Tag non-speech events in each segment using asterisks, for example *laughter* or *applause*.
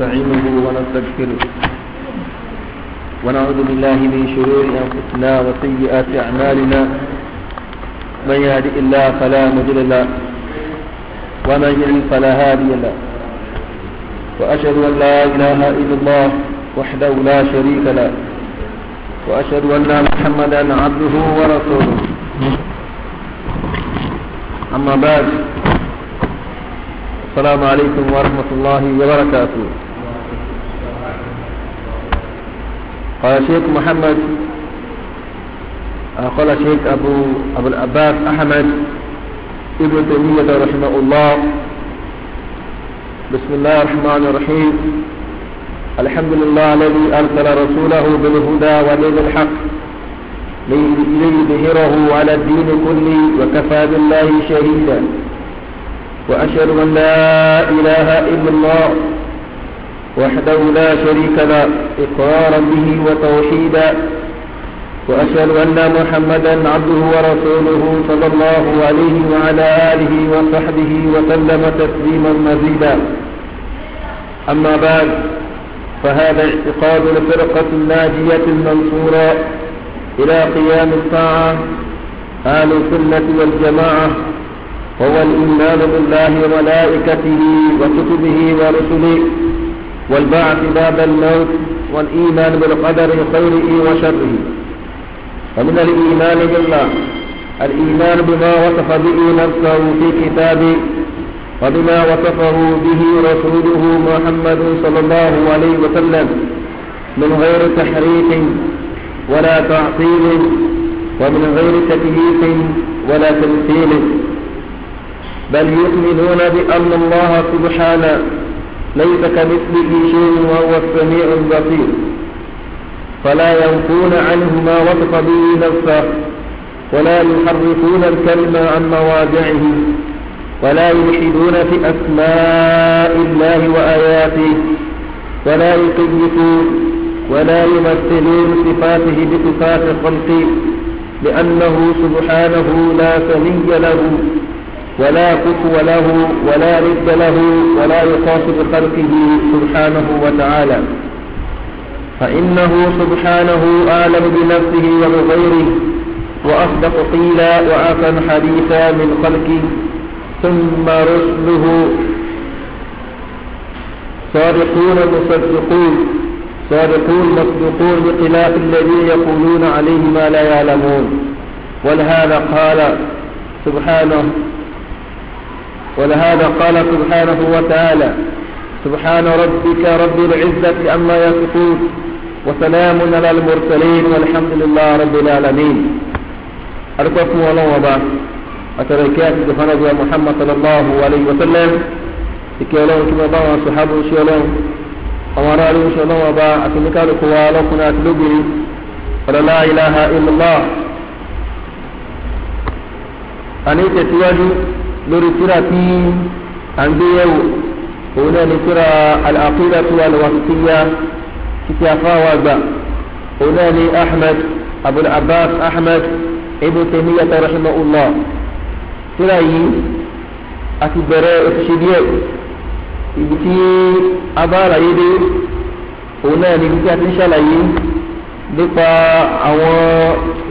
ونستعينه ونستغفره ونعوذ بالله من شرور أنفسنا وسيئات أعمالنا من يهدئ الله فلا مضل له ومن يضلل فلا هادي له وأشهد أن لا إله إلا الله وحده لا شريك له وأشهد أن محمدا عبده ورسوله أما بعد السلام عليكم ورحمة الله وبركاته قال شيخ محمد آه، قال شيخ أبو, أبو العباس أحمد ابن تيمية رحمه الله بسم الله الرحمن الرحيم الحمد لله الذي أرسل رسوله بالهدى ودين الحق ليظهره على الدين كله وكفى بالله شهيدا وأشهد أن لا إله إلا الله وحده لا شريك له إقرارا به وتوحيدا وأشهد أن محمدا عبده ورسوله صلى الله عليه وعلى آله وصحبه وسلم تسليما مزيدا أما بعد فهذا اعتقاد الفرقة الناجية المنصورة إلى قيام الساعة أهل السنة والجماعة هو الإيمان بالله وملائكته وكتبه ورسله والبعث بعد الموت والإيمان بالقدر خيره وشره ومن الإيمان بالله الإيمان بما وصف به نفسه في كتابه وبما وصفه به رسوله محمد صلى الله عليه وسلم من غير تحريف ولا تعطيل ومن غير تكييف ولا تمثيل بل يؤمنون بأن الله سبحانه ليس كمثله شيء وهو السميع البصير فلا ينفون عنه ما وصف به نفسه ولا يحرفون الكلمة عن مواضعه ولا يلحدون في أسماء الله وآياته ولا يقيسون ولا يمثلون صفاته بصفات خلقه لأنه سبحانه لا سمي له ولا كفو له ولا رد له ولا يقاس بخلقه سبحانه وتعالى فإنه سبحانه أعلم بنفسه وبغيره وأصدق قيلا وأحسن حديثا من خلقه ثم رسله صادقون مصدقون صادقون مصدقون بخلاف الذين يقولون عليه ما لا يعلمون ولهذا قال سبحانه ولهذا قال سبحانه وتعالى سبحان ربك رب العزة عما يصفون وسلام على المرسلين والحمد لله رب العالمين أرقصوا الله وبا أتركات دفن محمد صلى الله عليه وسلم إكيالون كما بابا صحابه إن شاء الله أمارا إن شاء الله وبا أتنكا لقوا لقنا تلقي ولا لا إله إلا الله أنيت تياجي lórí tíra tí à ń gbé yẹ̀wò òun náà ni tíra al-aqidatu al-wasitiyya títí afáwà gbà òun náà ni ahmed abul abbas ahmed ibn taymiyyah rahimahullah tíra yìí àti bẹ̀rẹ̀ òṣìṣẹ́ díẹ̀ ibi tí a bá àlàyé dé òun náà ni ibi tí a ti ń ṣàlàyé nípa àwọn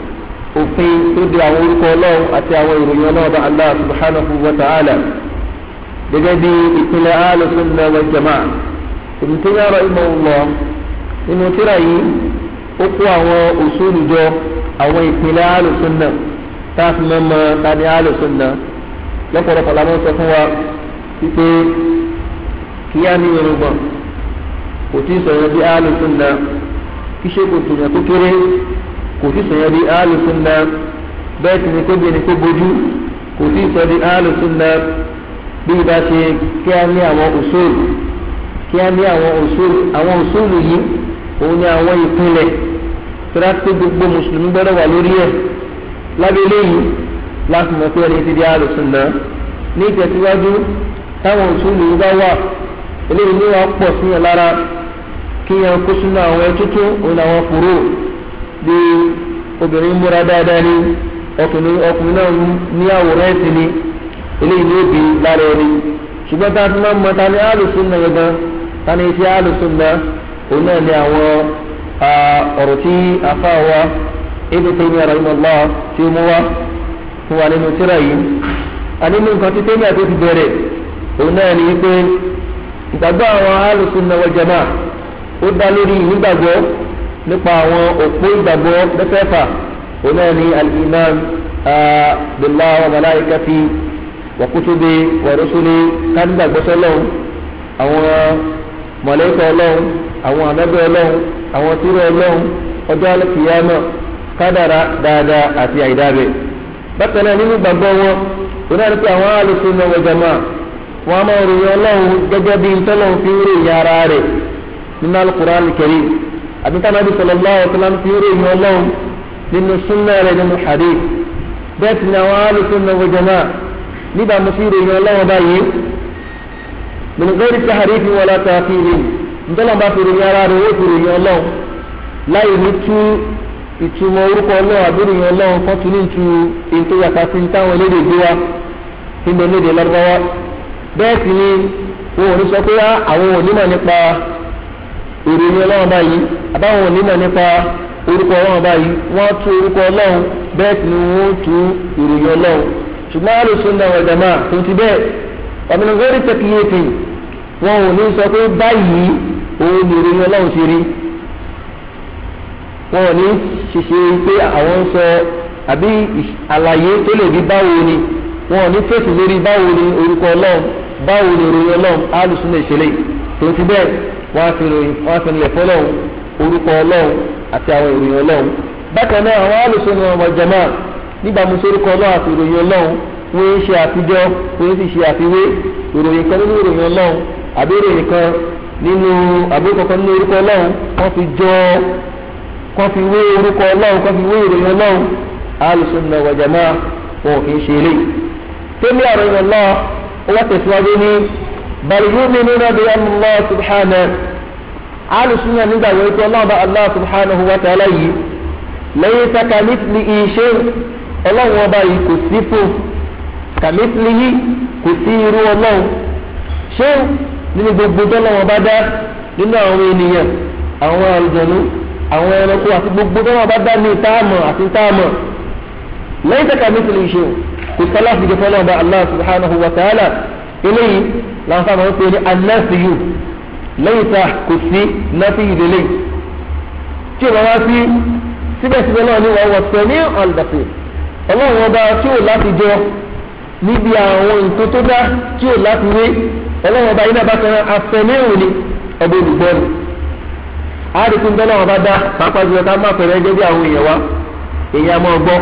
òfin tó de àwọn orúkọ ọlọ́run àti àwọn ìròyìn ọlọ́run bá Allah subhanahu wa ta'ala gẹ́gẹ́ bí ìpínlẹ̀ alùsùnmọ̀ wal jamaa Ibn Taymiyyah rahimahullah nínú tíra yìí ó kó àwọn òṣùlù jọ àwọn ìpínlẹ̀ alùsùnmọ̀ tá a fi mọ́ mọ́ ta ni alùsùnmọ̀ lọ́pọ̀lọpọ̀ la máa ń sọ fún wa wípé kí á ní yorùbá kò tí ì sọ̀rọ̀ bí kí kò tó kò sí sọ̀yẹ́ di alùsùnà bẹ́ẹ̀ sì ni kóbi ẹni kó bójú kò sí sọ di alùsùnà bí ibà ṣe kí a ní àwọn òṣòlù kí a ní àwọn òṣòlù àwọn òṣòlù yìí òun ni àwọn ìpínlẹ̀ tọ́lá tó gbogbo mùsùlùmí gbọ́dọ̀ wà lórí ẹ̀ lábẹ́lẹ́ yìí láti mọ̀ pé ẹni ti di alùsùnà ní ìtẹ̀síwájú táwọn òṣòlù yìí bá wà eléyìí ni wọ́n pọ̀ sí lára kí bí obìnrin múra dáadáa ni ọkùnrin ọkùnrin náà ní àwòrán ẹ̀sìn ni eléyìí ní òbí lára ẹni ṣùgbọ́n tá a tún máa ń mọ ta ni alùsùn náà gangan ta ni iṣẹ́ alùsùn náà òun náà ni àwọn ọ̀rọ̀ tí afa wa ebi tẹ́mi rahimahullah tí ó mú wa fún wa nínú tírà yìí a nǹkan tí tẹ́mi àti ti bẹ̀rẹ̀ òun náà ni pé ìgbàgbọ́ àwọn alùsùn náà wal nípa àwọn òpó ìgbàgbọ́ mẹ́fẹ̀ẹ̀fà òun al-iman billahi wa wa kutubi wa àwọn mọ̀lẹ́kọ̀ ọlọ́hùn àwọn ànábẹ́ ọlọ́hùn àwọn tírọ̀ ọlọ́hùn ọjọ́ alẹ́kìyàmọ̀ kádàrá dáadáa àti àìdáàbẹ̀ bákan náà nínú ìgbàgbọ́ wọn òun pé àwọn al-sunna jamaa wọn a máa ròyìn ọlọ́hùn gẹ́gẹ́ bí ntọ́lọ́hùn fi ń ròyìn àbí tánábì sallallahu alaihi wasallam fi ń ròyìn ọlọ́run nínú súnmọ́ rẹ̀ nínú hadith bẹ́ẹ̀ sì ni àwọn alùsùnà wal jamaa nígbà mo fi ròyìn ọlọ́run báyìí min ghairi tahrifin wala ta'tilin ntọ́lá bá fi ròyìn ara rẹ̀ ó fi ròyìn ọlọ́run láì ní tú ìtumọ̀ orúkọ ọlọ́run àbí ròyìn ọlọ́run kan tún ní tu èyí tó yàtọ̀ sí táwọn elédè gbé wa nínú elédè lọ́gbọ́wọ́ bẹ́ẹ̀ sì ni wọn ò ní sọ ìròyìn ọlọ́run báyìí àbáwọn onímọ̀ nípa orúkọ ọlọ́run báyìí wọ́n tú orúkọ ọlọ́run bẹ́ẹ̀ wọn ò ní sọ pé báyìí òun ni ìròyìn ọlọ́run ti rí wọn ò ní ṣiṣẹ́ pé àwọn ń sọ àbí àlàyé tó lè rí báwo ni wọn ò ní fèsì lórí báwo ni orúkọ ọlọ́run báwo ni ìròyìn ọlọ́run ti wọ́n á fi ròyìn wọ́n á fi rìnlẹ̀ fọlọ́hún orúkọ ọlọ́hún àti àwọn ìròyìn ọlọ́hún bákan náà àwọn alùsùn ọmọ jama nígbà mo sorúkọ ọlọ́hún àti ìròyìn ọlọ́hún wọ́n ń ṣe àtijọ́ wọ́n sì ṣe àfiwé ìròyìn kan nínú ìròyìn ọlọ́hún àbí ìròyìn kan nínú àbí kankan nínú orúkọ ọlọ́hún wọ́n fi jọ kọ́ fi wé orúkọ ọlọ́run kọ́ fi wé ìròyìn ọlọ́run alùsùnà wàjàmá wọn kì í ṣe eré bal yu'minuna bi amri Allah subhanahu alùsùnà nígbàgbọ́ ikú ọlọ́ọ̀bá Allah subhanahu wa ta'ala yìí lẹ́yìn tá kàmítìlì iṣẹ́ ọlọ́run ọba yìí kò sí fún kàmítìlì yìí kò sí irú ọlọ́run ṣé nínú gbogbo ẹranko àti gbogbo tọ́lọ́wọ́n bá dá ní ìtaàmọ̀ àti ìtaàmọ̀ kò fìdí Allah eléyìí làwọn sábà ń pè ní anẹ́sìyù lẹ́yìn tá kò sí nẹ́sìyù lélẹ́yìn tí o bá wá sí síbẹ̀síbẹ̀ náà ni wọ́n wọ sẹ́ni ọ̀lùdàpẹ̀ ọlọ́run ọba tí ò láti jọ níbi àwọn nǹkan tó dá tí ò láti wé ọlọ́run ọba iná bákan afẹ́mi òní ọba olùgbọ́ni àdìkún tó náà ọba dá pàápàá jùlọ ká má pẹ̀rẹ́ gẹ́gẹ́ àwọn èèyàn wa èèyàn máa gbọ́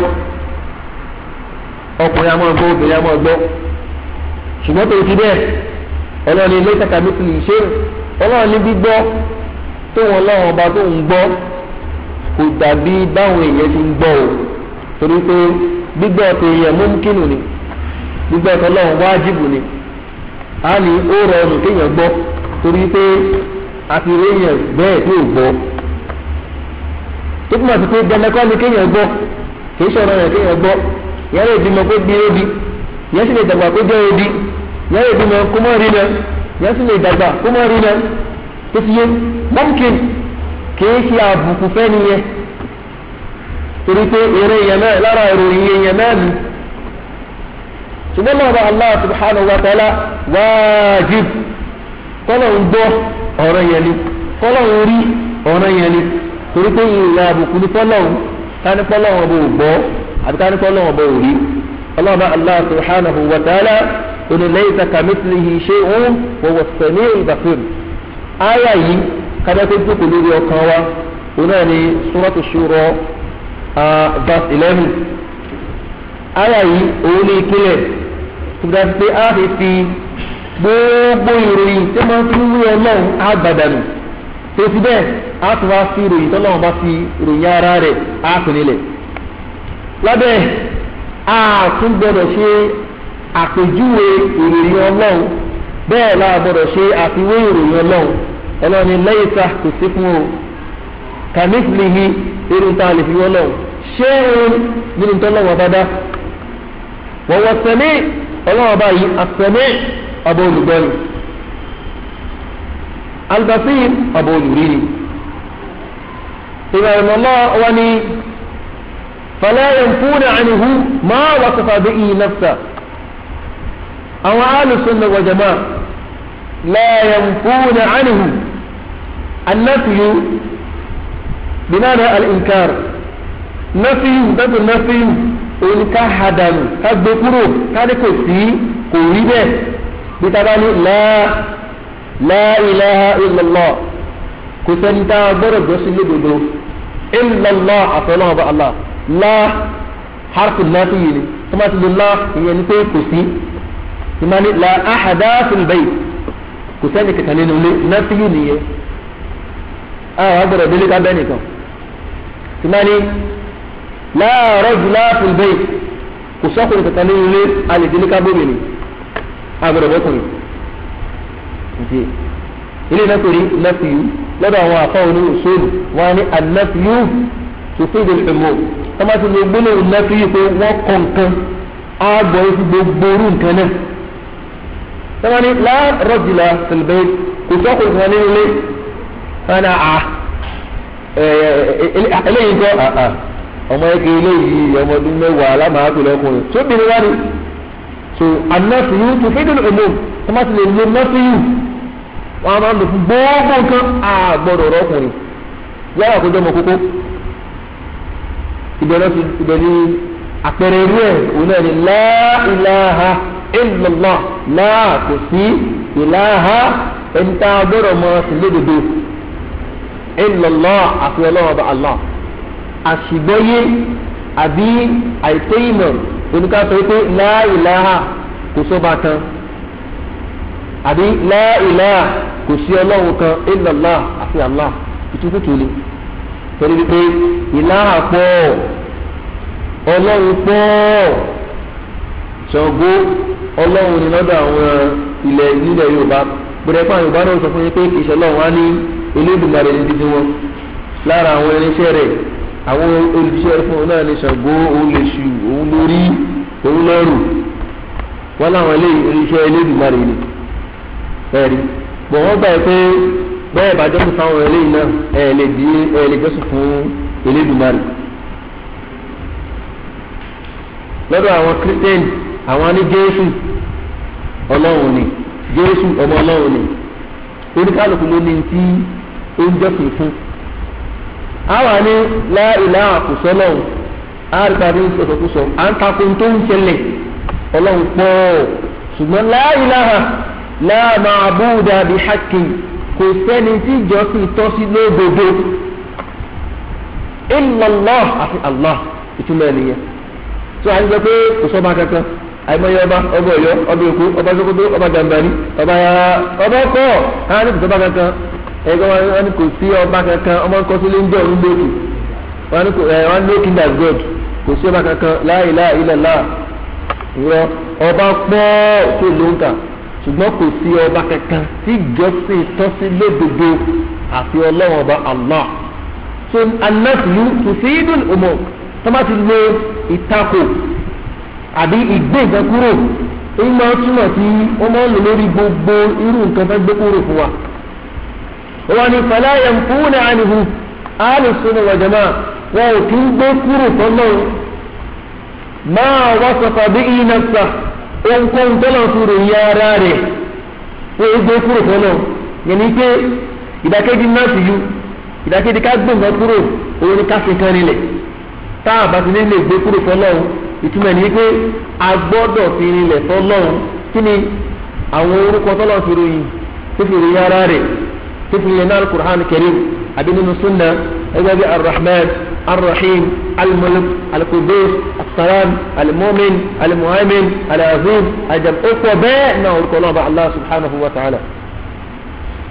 ọkùnrin máa gbọ́ obìnrin máa gbọ́ ṣùgbọ́n tó ti bẹ́ẹ̀ ọlọ́run ilé kàkà mi kìlì ṣe ọlọ́run ní gbígbọ́ tóun ọlọ́run ọba tóun gbọ́ kò dàbí báwọn èèyàn ti ń gbọ́ o torí pé gbígbọ́ tó yẹ múmkínù ni gbígbọ́ tó ọlọ́run wájìbù ni a ní ó rọrùn kéèyàn gbọ́ torí pé àti réèyàn bẹ́ẹ̀ tí ò gbọ́ tó túmọ̀ sí pé dandakọ́ ni kéèyàn gbọ́ kì í ṣọ̀rọ̀ kéèyàn gbọ́ yẹn lè bímọ pé bí ó di yẹn sì lè dàgbà pé jẹ́ ó di yẹn lè bímọ kó mọ́ rí náà yẹn sì lè dàgbà kó mọ́ rí náà tó ti yé mọ́mkìn kìí ṣe àbùkù fẹ́ nìyẹn torí pé eré yẹn náà lára ìròyìn yẹn náà ni ṣùgbọ́n náà bá Allah subhanahu wa ta'ala wájib kọ́lọ̀ ń gbọ́ ọ̀rọ̀ yẹn ni kọ́lọ̀ ń rí ọ̀rọ̀ yẹn ni torí pé ìlà àbùkù ni kọ́lọ̀ ń kání kọ́lọ̀ ń bò gbọ́ kání kọ́lọ̀ ń bò rí ọlọ́ba Allah subhanahu wa ta'ala oní laysa kamithlihi shay'un wa huwa as-sami'ul basir àyà yìí kájá tó dúkù lórí ọkàn wa oní ẹni suratu shura verse eleven àyà yìí òun ní ìkílẹ̀ tó dájú pé a fi fi gbogbo ìròyìn tó máa fi wí ọlọ́run àgbàdànù tó bẹ́ẹ̀ a tún wá sí ìròyìn tó lọ́wọ́ bá fi ròyìn ara rẹ̀ á tún lábẹ́ àtúngbọ́dọ̀ ṣe àpèjúwe ìròyìn ọlọ́run bẹ́ẹ̀ la gbọ́dọ̀ ṣe àfiwé ìròyìn ọlọ́run ọlọ́run ni lẹ́yìn ta kò sí fún o kàmífìlìhì irun tá a lè fi wọ́n lọ́wọ́ ṣé òun nínú tó lọ́wọ́ dáadáa wọ́n wọ́n sẹ́mi ọlọ́wọ́ báyìí àsẹ́mi ọba olùgbẹ́ni albasir ọba olùrìrì ìbẹ̀rẹ̀ wọn ni fàlẹ́yìn fúnà ànihu máa wà kọfà bí ìyìn náà àwọn alùsùn wal jamaa la yanfuna anhu annafiyu bìnnàdà al-inkar nafiyu dàtò nafiyu òun ká hadànù ká gbé kúrò ká ní kò sí kò rí bẹ́ẹ̀ bí tábà ní láà la ilaha illallah kò sẹ́ni tá a gbọ́dọ̀ jọ́sìn lódodo illallah àfọlọ́wọ́ bá allah la harfi náà ti yìí ni tó máa ti lè la ìyẹn ní pé kò sí ìmọ̀ni la ahada fìlbẹ́yì kò sẹ́ni kankan nínú ilé nàfíyù nìyẹn àwọn agbọ̀dọ̀ délé ká bẹ́ẹ̀ nìkan ìmọ̀ni la rajula fìlbẹ́yì kò sọ́kùnrin kankan nínú ilé alè délé ká bómi ni agbọ̀dọ̀ bọ́kùnrin nti ilé nàfíyù nàfíyù lọ́dọ̀ àwọn àfọwọ́ ní òṣèlú wọn ni ànàfíyù tòfíìdì ìmọ̀ tọ́mátì ní gbólóhùn nàfíyù pé wọ́n kọ̀ọ̀kan á gbọ́ gbogbo orú nǹkan sọ́wọ́n ní lá rọ́jìlá sílbẹ́ kò sọ́kùn kan nínú ilé wọn náà à eléyìí kọ́ ọmọ ẹ̀kẹ́ eléyìí ọmọ ọdún mẹ́wàá alámàákù lọ́kùnrin tó bìnrin wá ní. so anọ́fìyú tó fi dùn èmò wọ́n má ti lè lo nọ́fìyú wọ́n á máa lò fún gbogbo nǹkan àgbọ̀dọ̀ rọ́kùnrin yàrá kó jẹ́ ọmọ kókó ìbẹ̀rẹ̀ ní àpẹẹrẹ irú ẹ̀ òun náà ní láìláha illallah náà kò sí ìlàhà ẹ̀ńtà gbọ́dọ̀ mọ́ sílódodo illallah àti ọlọ́wọ́ bá allah àṣìgbọ́yé àbí àìtẹ́yìmọ̀ oníkàtọ́ pé la ilaha kò sọ́ba kan àbí la ilaha kò sí ọlọ́run kan illallah àti allah ìtúkú kìíní torí wípé ìlàhà pọ̀ ọlọ́run pọ̀. Ṣàngó ọlọ́run ni lọ́dọ̀ àwọn ilẹ̀ nílẹ̀ Yorùbá gbẹdẹpá Yorùbá náà sọ fún yín pé á ní ní wọn lára àwọn irinṣẹ́ rẹ̀ àwọn olùṣẹ́ fún náà ní òun lè òun lórí òun lọ́rù wọn láwọn ilé irinṣẹ́ ni ẹ̀rí bọ̀ wọ́n gbà pé bẹ́ẹ̀ bá jọ́sìn fáwọn eléyìí náà ẹ̀ lè di ẹ̀ lè fún lọ́dọ̀ àwọn kírísítẹ́nì àwọn ní jésù ọlọ́run ni jésù ọmọ ọlọ́run ni oníkálukú ló ní ti oúnjẹ kìí fún àwọn ní láìlá àkùsọ lọ́hùn àríkàdé ìsọ̀tọ̀kùsọ à ń takò tó ń ṣẹlẹ̀ ọlọ́run pọ̀ ṣùgbọ́n láìlá láàmà àbúdà bí kò sẹ́ni tí tọ́ sí àti allah ìtumọ̀ ẹ̀ àìmọye ọba ọba Ọ̀yọ́ ọba Èkó ọba Sókótó ọba Gàmbàrí ọba ọba kọ àwọn ní kò sọba kankan ẹgbẹ wọn ní kò sí ọba kankan ọmọ nǹkan sílé ń jẹ òun lókè wọn ní kò ẹ wọn ní king as god kò sí ọba kankan la ilaha illallah rọ ọba pọ̀ tó ló ń kà ṣùgbọ́n kò sí ọba kankan tí ìjọsìn tọ́sí lódodo àfi ọlọ́run ọba allah so anaslu tùsídùn òmò tọ́mátì lo ìtakò àbí ìgbé nǹkan kúrò ń máa túmọ̀ sí ó máa ń lò lórí gbogbo irú nǹkan fẹ́ gbé kúrò fún wa. wọn ni fàlà yẹn fún ní ànihu àlè sunu wal jamaa wọn ò kí ń gbé kúrò tọ́lọ́ máa wá sọ̀tà bí iná sà ohunkóhun tọ́lọ̀ fún ròyìn ara rẹ̀ wọ́n ó gbé kúrò tọ́lọ̀ yẹn ni pé ìdákejì náà sì yú ìdákejì ká gbé nǹkan kúrò òun ni ká fi kan nílẹ̀ tá a bá gbé kúrò tọ́lọ̀ o ìtumọ̀ ní pé a gbọ́dọ̀ fi rinlẹ̀ tọ́lọ́run kí ni àwọn orúkọ tọ́lọ́run fi ròyìn tó fi ròyìn ara rẹ̀ tó fi ròyìn náà alukur'an karim àbí nínú sunna ẹgbẹ́ bíi arrahman arrahim almulk alqudus asalam almumin almuhammin alaziz ajab ó pọ̀ bẹ́ẹ̀ náà orúkọ náà bá allah subhanahu wa ta'ala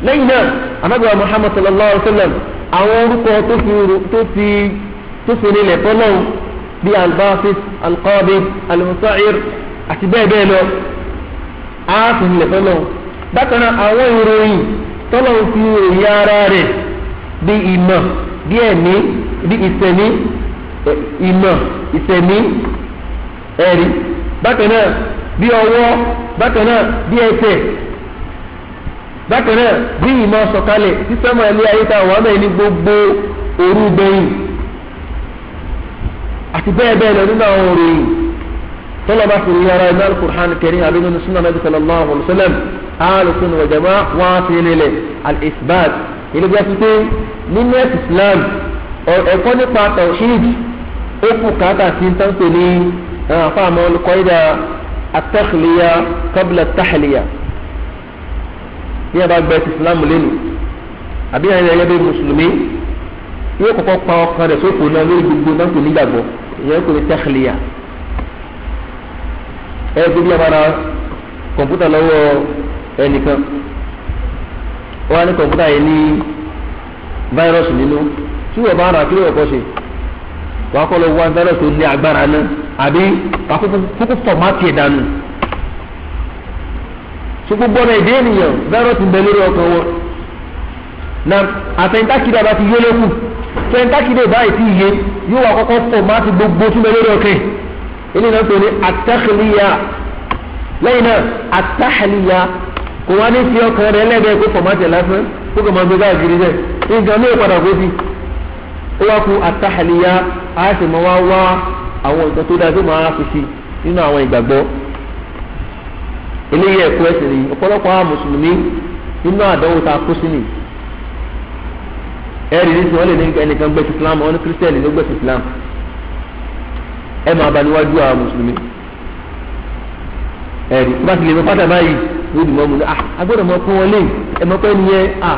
lẹ́yìn náà anagba muhammad sallallahu alayhi wa sallam àwọn orúkọ tó fi tó fi rinlẹ̀ tọ́lọ́run bíi albafis alqabid almusair àti bẹ́ẹ̀ bẹ́ẹ̀ lọ á tún lè fẹ́ lọ. bákan náà àwọn ìròyìn tọ́lọ̀ ń fi ròyìn ara rẹ̀ bíi ìmọ̀ bíi ẹ̀mí bíi ìsẹ̀mí ìmọ̀ ìsẹ̀mí ẹ̀rí bákan náà bíi ọwọ́ bákan náà bíi ẹsẹ̀ bákan náà bíi ìmọ̀ sọ̀kalẹ̀ sísẹ́mọ̀ ẹ̀lẹ́ ayé tá àwọn ẹni gbogbo orú gbẹ̀yìn àti bẹ́ẹ̀ bẹ́ẹ̀ lọ nínú àwọn òròyìn tọ́lọ́ba fi rí ara iná alukur'an kẹrin àbí nínú sunnah nabi sallallahu alayhi wa sallam alukun wa jama wọn á fi rinlẹ̀ al-isbat ilé bí a ti pé nínú ẹ̀sìn islam ẹ̀kọ́ nípa tawhid ó kù káàtà sí táǹpé ní fáàmù olùkọ́ìdà at-takhliya qabla at-tahliya bí a bá gbẹ ẹ̀sìn islam lẹ́nu àbí ẹ̀yẹ́ bí mùsùlùmí yóò kọ́kọ́ pa ọkàn rẹ̀ sóko náà lórí gbogbo náà kò nígbàgbọ́ ìyẹn kò ní tẹ́kìlìyà ẹ ẹ gbogbo àbára kọ̀ǹpútà lọ́wọ́ ẹnìkan wọ́n á ní kọ̀ǹpútà yìí ní fáírọ́ọ̀sì nínú tí wọ́n bá rà kí lóò kọ́ ṣe wọ́n á kọ́ lọ wá fáírọ́ọ̀sì tó ní agbára náà àbí wọ́n á kókó fọ̀mátì ẹ̀ dànù sogbogbo ọmọ èdè ènìyàn fáírọ́ọ̀sì ń bẹ lórí ọkàn wọn na àtẹ̀yìntà kí tẹ́ńtákìdé báyìí tí iye yóò wà kọ́kọ́ fọ̀ máa ti gbogbo túnbẹ̀ lórí ọkẹ́ ilé náà pè ní àtàkìlíyà lẹ́yìn náà àtàhàlíyà kò wá ní fi ọkàn rẹ lẹ́gbẹ̀ẹ́ kó fọ̀ máa tẹ̀ lásán kó kàn máa gbé káàkiri jẹ́ nǹkan ní ìpadà kó sí ó wá ku àtàhàlíyà á sì máa wá wá àwọn nǹkan tó dáa tó máa fi sí nínú àwọn ìgbàgbọ́ eléyìí ẹ̀kọ́ ẹ̀sìn ẹ̀rí ní sọ ọ́ lè ní ẹnìkan gbẹ̀sì islam ọ́ ní kírísítẹ́nì ló gbẹ̀sì islam ẹ máa bá níwájú àwọn mùsùlùmí ẹ̀rí tó bá ti lè mọ pátá báyìí ló dì mọ́ mu ní à ah, agbọ́dọ̀ mọ fún wọn lé ẹ mọ pé nìyẹn à ah,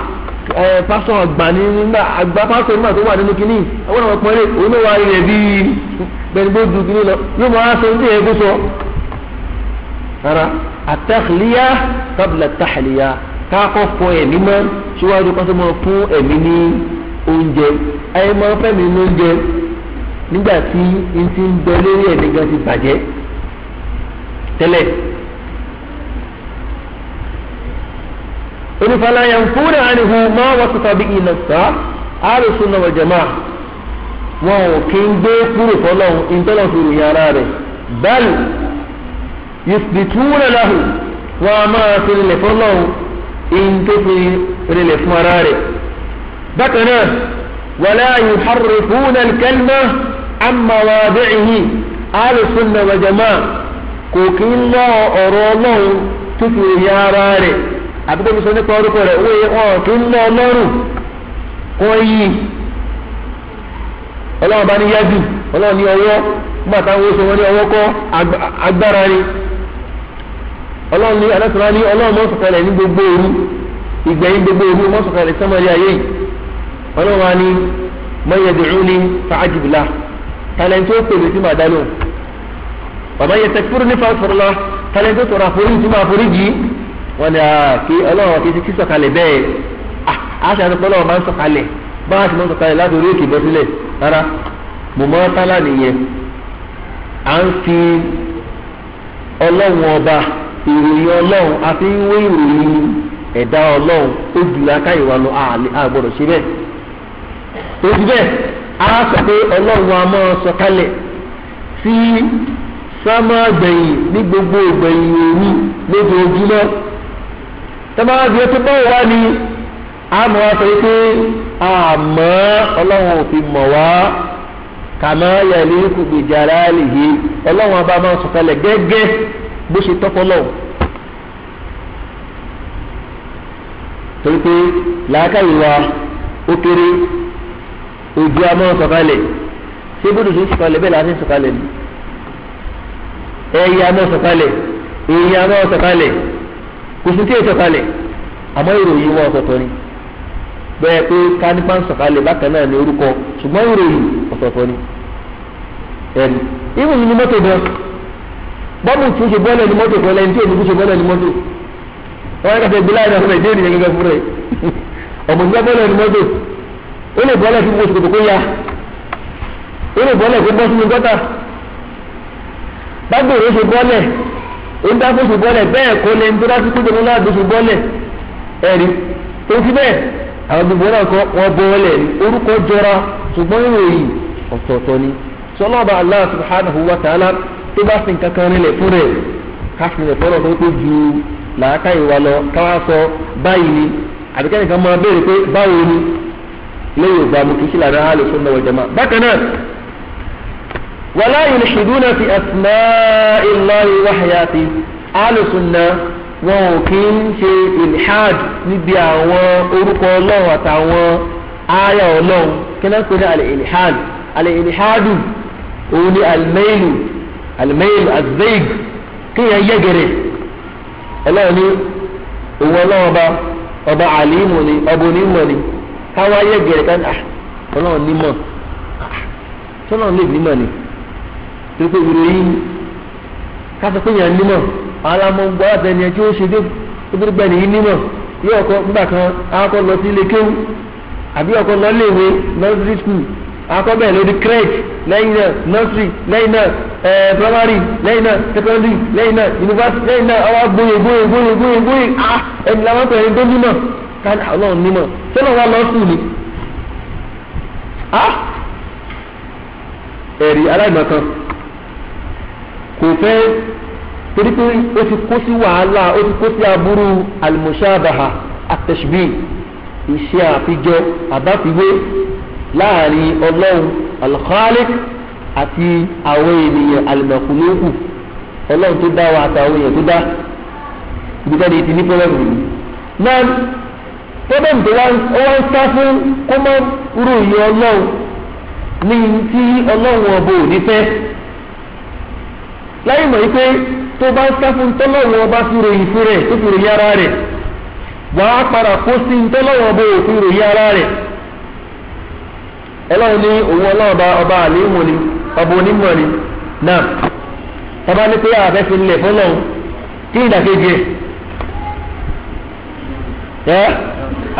ẹ pásọ àgbà ní nígbà àgbà pásọ nígbà tó wà nínú kínní agbọ́dọ̀ mọ pọ́n lé òun náà wà rí rẹ̀ bíi bẹ́ẹ̀ni ju kínní lọ yóò máa sọ ní ẹ̀kú sọ. rárá àtàkìlíyà tábìlà táhìlíyà káàkó fún ẹ̀mí mọ́ síwájú kọ́sọ́mọ́ fún ẹ̀mí ní oúnjẹ ayé máa ń fẹ́ mi ní oúnjẹ nígbà tí n ti ń bẹ lórí ẹ̀ nìkan ti bàjẹ́ tẹ́lẹ̀. onífàlà yẹn fún ànihu máa wọ́n sọ̀tọ̀ bí iná sá àrùsùn náà wọ̀ jẹ̀má wọn ò kí ń gbé kúrò fọlọ́hún ìtọ́lọ̀ fi ròyìn ara rẹ̀ bẹ́ẹ̀lì yusbituna lahu wọn a máa fi rìnlẹ̀ fọlọ́hún ìyìn rìnlẹ̀ fún ara rẹ̀ bákan náà wala yuharrifuna al-kalima amma wadi'ihi al-sunna wal jama'a kò kí ń lọ ọ̀rọ̀ ọlọ́run tó fi èyí ara rẹ̀ àbíkó mi sọ nípa orúkọ rẹ̀ wọ́n ọ̀ kí ń lọ ọlọ́run kò yí ọlọ́run bá ní yájú ọlọ́run ní ọwọ́ gbàtà owó sọ wọn ní ọwọ́ kọ́ agbára ni ọlọ́run ní alásùnmá ní ọlọ́run mọ́sọ̀kalẹ̀ ní gbogbo òru ìgbẹ̀yìn gbogbo òru mọ́sọ̀kalẹ̀ sọ́mọ́lẹ́ ayé yìí ọlọ́run á ní mọ́yẹ̀dùrún ní fàájìbìlá tàlẹ́ntì ó pèlè sí màdá ma bàbá yẹ tẹkifúrú ní fàáfúrúlá tàlẹ́ntì ó tọrọ àforí tí máa forí jì wọ́n ní kí ọlọ́run kì ti sọ̀kalẹ̀ bẹ́ẹ̀ àṣà àti ọlọ́run máa ń sọ̀kalẹ̀ bá a ti máa ń sọ̀kalẹ̀ láti orí òkè bọ́ sílẹ̀ rárá mọ̀mọ́ tálà nìyẹn à ń fi ọba ìròyìn ìròyìn ẹ̀dá ó jùlọ lọ àgbọ̀dọ̀ ṣe òtún bẹ́ẹ̀ a sọ pé ọlọ́run a máa sọ kalẹ̀ sí sámá gbẹ̀yìn ní gbogbo gbẹ̀yìn òru lójoojúmọ́ tẹ́lẹ̀ àti ẹtí báwo wá ni a mọ̀ wá sọ pé àmọ́ ọlọ́run ò fi mọ̀ wá kàmá yẹlẹ kùgbì jàrá lèyí ọlọ́run ọba máa sọ kalẹ̀ gẹ́gẹ́ bó ṣe tọ́kọ́ lọ́wọ́. torí pé làákàyè wa ó kéré òjò àmọ́ sọ̀kalẹ̀ ṣé bódò tó sọ̀kalẹ̀ bẹ́ẹ̀ láti sọ̀kalẹ̀ ni ẹyẹ àmọ́ sọ̀kalẹ̀ èyí àmọ́ sọ̀kalẹ̀ kò sí tí ì sọ̀kalẹ̀ àmọ́ ìròyìn wọn ọ̀tọ̀ọ̀tọ̀ ni bẹ́ẹ̀ pé kánípà ń sọ̀kalẹ̀ bákan náà ní orúkọ ṣùgbọ́n ìròyìn ọ̀tọ̀ọ̀tọ̀ ni ẹni ìwé yìí ni mọ́tò gan bọ́ọ̀mù tí ó ṣe bọ́ọ̀lù ẹni mọ́tò kan lẹ́yìn tí èmi kò ṣe bọ́ọ̀lù ẹni mọ́tò wọ́n yẹ kàtẹ́ gbé láàrin ọmọ ìdí ènìyàn gẹ́gẹ́ fúnra ẹ̀ *laughs* ọmọ ìgbà bọ́ọ̀lù ẹni mọ́tò ó lè bọ́lẹ̀ fún gbogbo kó ya ó lè bọ́lẹ̀ kó bọ́ sínú gọ́tà bágbèrè ó ṣe bọ́lẹ̀ ó dá fún ṣe bọ́lẹ̀ bẹ́ẹ̀ kó lẹ́ni tó dásí kó bọ́lẹ̀ ẹ̀rí tó fi bẹ́ẹ̀ àwọn gbogbo náà kọ́ orúkọ jọra ṣùgbọ́n ọ̀tọ̀ọ̀tọ̀ ni sọlọ́ọ̀bà subhanahu wa ta'ala tó bá sin kankan fún rẹ̀ fọlọ́ tó ju làákàyè wa lọ káwá sọ báyìí ni àbíkẹ́nìkan máa béèrè pé báwo lẹ́yìn ìgbà mi kì í ṣe lànà àlò fún náà wọ̀jẹ̀ máa. bákan náà wàlá yìí ṣùdúnà fi àtúná ìlọrin wáhàyà ti àlò fún náà wọn ò kí ń ṣe ìlhad níbi àwọn orúkọ ọlọ́run àtàwọn ààyà ọlọ́run kí náà pè ní àlè ìlhad àlè ìlhadu òun ni àlmẹ́ìlù àlmẹ́ìlù àzẹ́ìg kéèyàn yẹ́gẹ̀rẹ̀ ọlọ́run ní òun ọlọ́run ọba ọba àlímù ni ọba onímọ̀ ni. káwá yẹ̀gẹ̀ rẹ̀ káni ah, ọlọ́run nímọ̀ tọ́lọ́run ah, lè nímọ̀ ni pípé ìròyìn kásán pé yẹn nímọ̀ alámọ̀ gbọ́ àtẹni ẹjọ́ ó ṣe dé gbẹgbẹ́ nìyí nímọ̀ yóò nígbà kan lọ sí ilé kéwù àbí ọkọ lọ́léèwé nursery school akọ́bẹ̀ lórí crèche lẹ́yìn náà nursery lẹ́yìn náà ẹ̀ẹ́ primary lẹ́yìn náà secondary lẹ́yìn náà university lẹ́yìn náà gbóyè gbóyè gbóyè ah, làwọn pẹ̀lú káàdì ọlọ́run nímọ̀ ṣé náà wà lọ sùn ni. Ah! ẹ̀rí aláìmọ̀kan kò fẹ́ torí pé ó ti kó sí wàhálà ó ti kó sí aburú alimusabaha atẹ̀sùbí iṣẹ́ àfijọ́ àbáfiwé láàrin ọlọ́run alkhalik àti àwọn ènìyàn alimakuluku ọlọ́run tó dá wa àtàwọn èèyàn tó dá ibi jáde ti ní pẹ́lẹ́mù yìí náà tọ́lọ́ ní wọ́n ń sá fún kó má rú ìyẹn ọlọ́run ní tí ọlọ́run ọba ò ní fẹ́ láyé mọ̀ wípé tó ọba fi ròyìn fún rẹ̀ tó fi ròyìn ara rẹ̀ padà kó sí tọ́lọ́run ọba ò ròyìn ara rẹ̀ ọlọ́run ọba ọba àléwò ni ọba onímọ̀ ni náà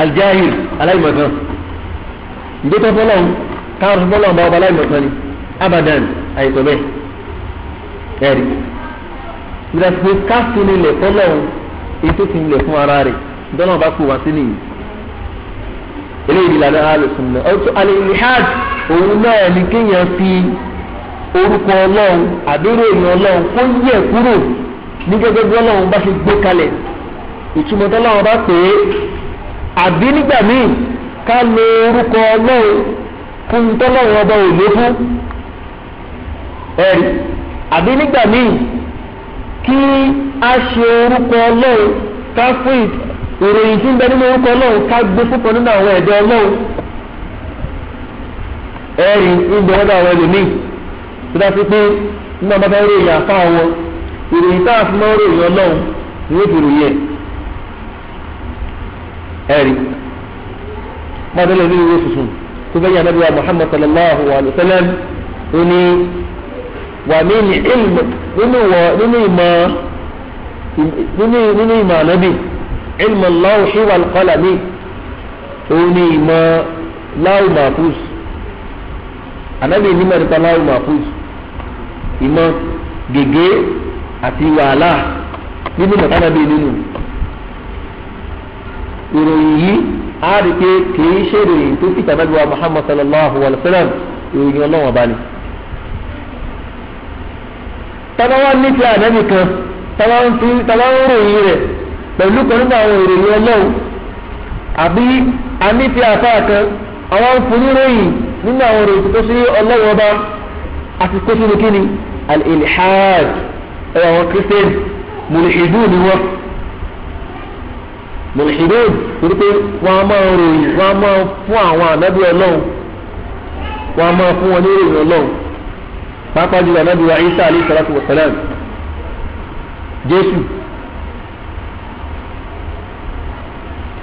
aljahil aláìmọ̀kan ìdótọ́ fọlọ́n káwọn fọlọ́n bá ọba aláìmọ̀kan ni abadan àìsàn bẹ́ẹ̀ ẹ̀rí ìdásílẹ̀ káàsì nílẹ̀ fọlọ́n èyí tó ti nílẹ̀ fún ara rẹ̀ dọ́nà bá kú wá sí nìyí eléyìí ìlànà alùsùn náà ọtún alìlíhàd òun náà ni kéèyàn fi orúkọ ọlọ́run àbúrò èèyàn ọlọ́run kó yẹ kúrò ní gẹ́gẹ́ bí ọlọ́run bá fi gbé kalẹ̀ ìtumọ̀ tọ́lọ́run bá pè é àbí nígbà míì ká lo orúkọ ọlọ́run fún tọ́lọ́run ọba òní fún ẹ̀rí àbí kí a ṣe orúkọ ọlọ́run ká fún ìròyìn tí ń bẹ nínú orúkọ ọlọ́run ká gbé púpọ̀ nínú àwọn ẹ̀dọ́ ọlọ́run ẹ̀rí ń bẹ lọ́dọ̀ àwọn ẹlòmíì tó pé bá ròyìn àfa ìròyìn táà fún ẹ̀rí mọ́tẹ́lẹ̀ ní ìwé tuntun tó fẹ́ yà nàbí wa muhammad sallallahu alayhi wa sallam ó ní wà nínú ìmọ̀ nínú ìmọ̀ nínú ìmọ̀ ànábì ìmọ̀ lawhi wal qalami ó ní ìmọ̀ láwù mahfuz ànábì ní mẹ́ta láwù mahfuz ìmọ̀ gègé àti wàhálà nínú mọ̀tánàbì nínú ìròyìn yìí á rí pé kìí ṣe ìròyìn tó fi tàbí wa muhammad sallallahu alayhi wa sallam ìròyìn ọlọ́wọ́n bá ní. tabawa nífẹ̀ẹ́ ànábì kan tabawa ń ròyìn rẹ̀ pẹ̀lú kan nínú àwọn ìròyìn ọlọ́wọ́ àbí anífẹ̀ẹ́ àfa àwọn fúniròyìn nínú àwọn ìròyìn tó ṣe ọlọ́wọ́ bá àti kó sínú kíni al ẹ̀rọ àwọn kristian mùlìhìdù ni wọ́n mùlìhìdìn torí pé wọ́n á máa ròyìn wọ́n á máa fún àwọn ànábì ọlọ́run wọ́n á máa fún wọn ní ròyìn ọlọ́run pàápàá jùlọ ànábì wa Isa alayhi salatu wa salam Jésù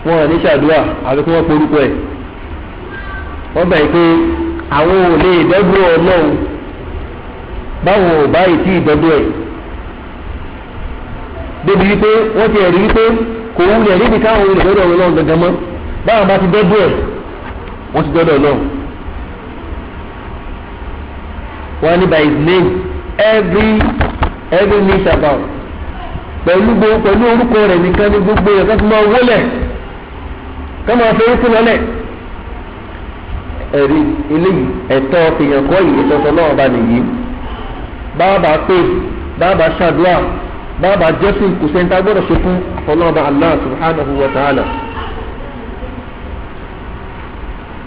wọn ò ní ṣàdúrà àbí kí wọ́n porúkọ ẹ̀ wọ́n bẹ̀rẹ̀ pé àwọn ò lè dẹ́gbẹ́ ọlọ́run báwọn ò báyìí tí ì dẹ́gbẹ́ ẹ̀ débi wípé wọ́n ti ẹ̀rí wípé kò wúlẹ̀ níbi káwọn olè lọ́dọ̀ ọlọ́run gangan mọ́ báwọn bá ti dọ́dọ̀ ẹ̀ wọ́n ti dọ́dọ̀ ọlọ́run. wọ́n ní by his name every every meet about pẹ̀lú pẹ̀lú orúkọ rẹ̀ nìkan ní gbogbo ẹ̀ káfí máa wọlẹ̀ ká máa fẹ́ orúkọ lọ́lẹ̀ ẹ̀rí eléyìí ẹ̀tọ́ èèyàn kọ́ yìí ẹ̀tọ́ sọ náà bá nìyí bá bá pè bá bá ṣàdúrà bàbá jẹ́sìn kò sẹ́ńtà gbọ́dọ̀ ṣe fún ọlọ́ọ̀bà allah subhanahu wa ta'ala.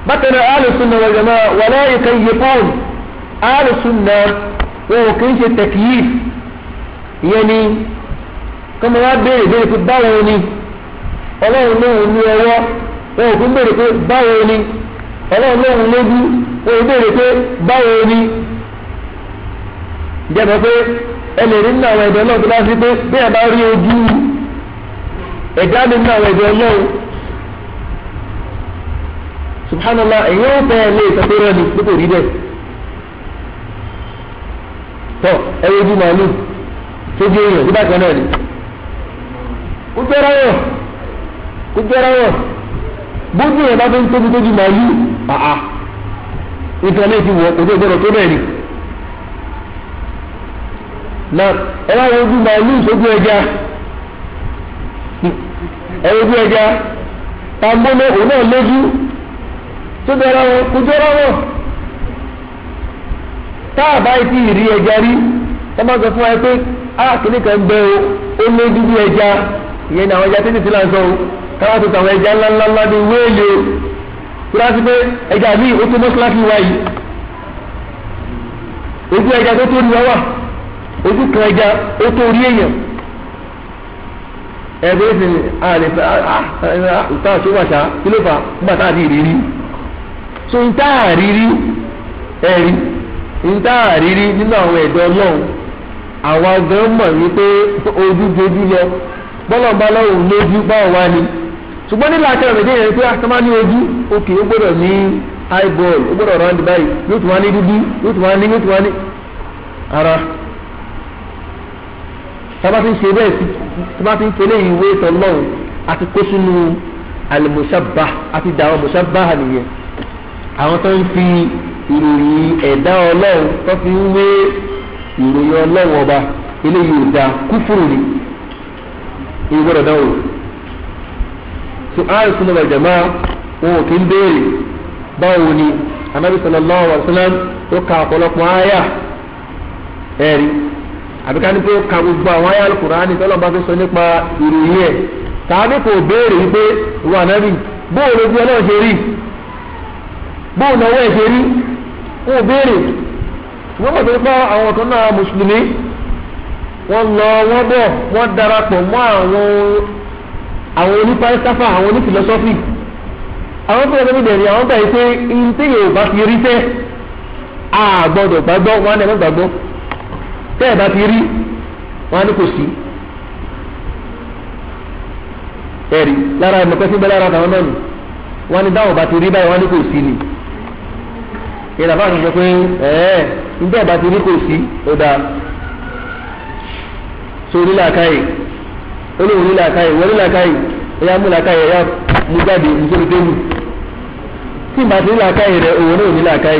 bákan náà alùsùnà wal jamaa wala yukayifun alùsùnà wọn ò kì í ṣe takyif ìyẹn ni kọ́mọ wa béèrè béèrè pé báwo ni ọlọ́run lóhùn ní ọwọ́ wọn ò kún béèrè pé báwo ni ọlọ́run lóhùn lójú wọn ò béèrè pé báwo ni jẹ́ bọ́ pé ẹ lè rí nínú àwọn ẹ̀dọ́ náà tó bá sí pé bí ẹ bá rí ojú ẹ̀dá mi nínú àwọn ẹ̀dọ́ náà subhanallah èyí ó fẹ́ lè sọ pé rẹ́ni tó kò rí bẹ́ẹ̀ tọ́ ẹ wo ojú màálù tó di èèyàn nígbà kan náà ni kó jẹ́ra wọ̀ kó jẹ́ra wọ̀ bójú yẹn bá fi ń tóbi tó di màálù àá ìtàn ti wọ̀ kó tó gbọ́dọ̀ tó bẹ́ẹ̀ ni. na ẹ bá wojú màálù sójú ẹja ẹ wojú ẹja pàmbónú òun náà lójú wọn wọn tá a bá ti rí ẹja rí ẹ sọ fún wa pé alákìíní kan gbẹ o ó lójú bí ẹja ìyẹn ní àwọn ẹja tí là ń sọ o káwá tó tàwọn ẹja ńláńláńlá ní wéèlì o kúrásí pé ẹja mi tó wa wa ojú kan ẹja ó tó rí èèyàn ẹgbẹ́ ìsìn àlẹ́fẹ́ àtà ṣọ́wàṣà kí ló fà so n tá a rí n tá a rí rí nínú àwọn ẹ̀dọ́ ọlọ́run àwọn mọ̀ ojú lọ ni ṣùgbọ́n nílà àti ọ̀rẹ́dẹ́ yẹn pé ní ojú òkè ó round báyìí ara tábà ti ń ṣe bẹ́ẹ̀ tábà ti ń ṣe léyìn ìwé ìtọ́ lọ́hùn àti kó sínú àlùmọ̀ṣàbà àti dàwọn mọ̀ṣàbà nìyẹn àwọn tó ń fi ìròyìn ẹ̀dá ọlọ́run tó fi ń wé ìròyìn ọlọ́run ọba eléyìí ò dáa kúfùrù ni èyí gbọ́dọ̀ dáwò so ààrẹ sunu wal jamaa wọn ò kí ń béèrè báwo ni anabi sallallahu alaihi wasallam ó ka ọ̀pọ̀lọpọ̀ àyà ẹ̀rí àbí ká ní pé ó ka gbogbo àwọn ayé alukurani tó lọ́nà bá fi sọ nípa ìròyìn ẹ̀ tàbí kò béèrè wípé wà nábì bóun lójú ọlọ́run ṣe rí bóun náwó ẹ̀ ṣe rí ó béèrè wọ́n mọ̀ pé àwọn kan náà mùsùlùmí wọ́n lọ wọ́n bọ̀ wọ́n darapọ̀ mọ́ àwọn àwọn onífàlsáfà àwọn onífìlọ́sọ́fì àwọn tó yẹ bẹ̀rẹ̀ àwọn gbà yìí pé ntẹ́yẹ̀ ò bá fi rí tẹ́ àgbọ̀dọ̀ gbàgbọ́ wọn á nẹ̀ tẹ́ batiri bá ti rí wọn á ní kò sí ẹ̀rí lára ẹ̀mọ̀kẹ́ sí bẹ́ẹ̀ lára àtàwọn náà nù wọn ní dáhùn bá ti rí báyìí wọn á ní kò sí ni ìlànà àwọn sọ pé ẹ̀ẹ́ níbẹ̀ ti rí kò sí ó dáa ẹ̀yà ẹ̀yà mú jáde tí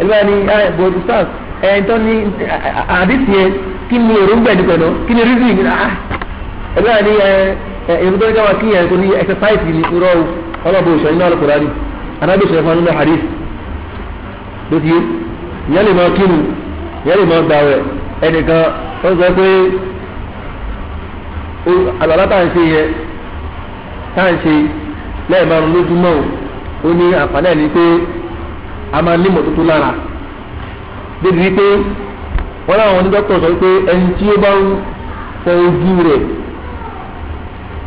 ẹlẹ́wà ni bòdì sars ẹ̀ńtọ́ ni àdìsí yẹn kí ni èròǹgbà ẹni pẹ̀lú kí ni rídìí ah, ah. ni ah ẹlẹ́wà ni èrò tó ń gbà wá kí yẹn torí exercise ni irọ́ o ọlọ́bù òṣèlú náà lọ́kùnrin àdì anábì òṣèlú fún ọdún àdìsí ló ti lè máa lè máa gbà ẹnìkan sọ pé tá à ń ṣe tá à ń ṣe lójúmọ́ ní a máa ní mọ̀tótó lára débi wípé wọ́n láwọn onídọ́tọ̀ sọ pé ẹni tí ó bá ń fọ ojú rẹ̀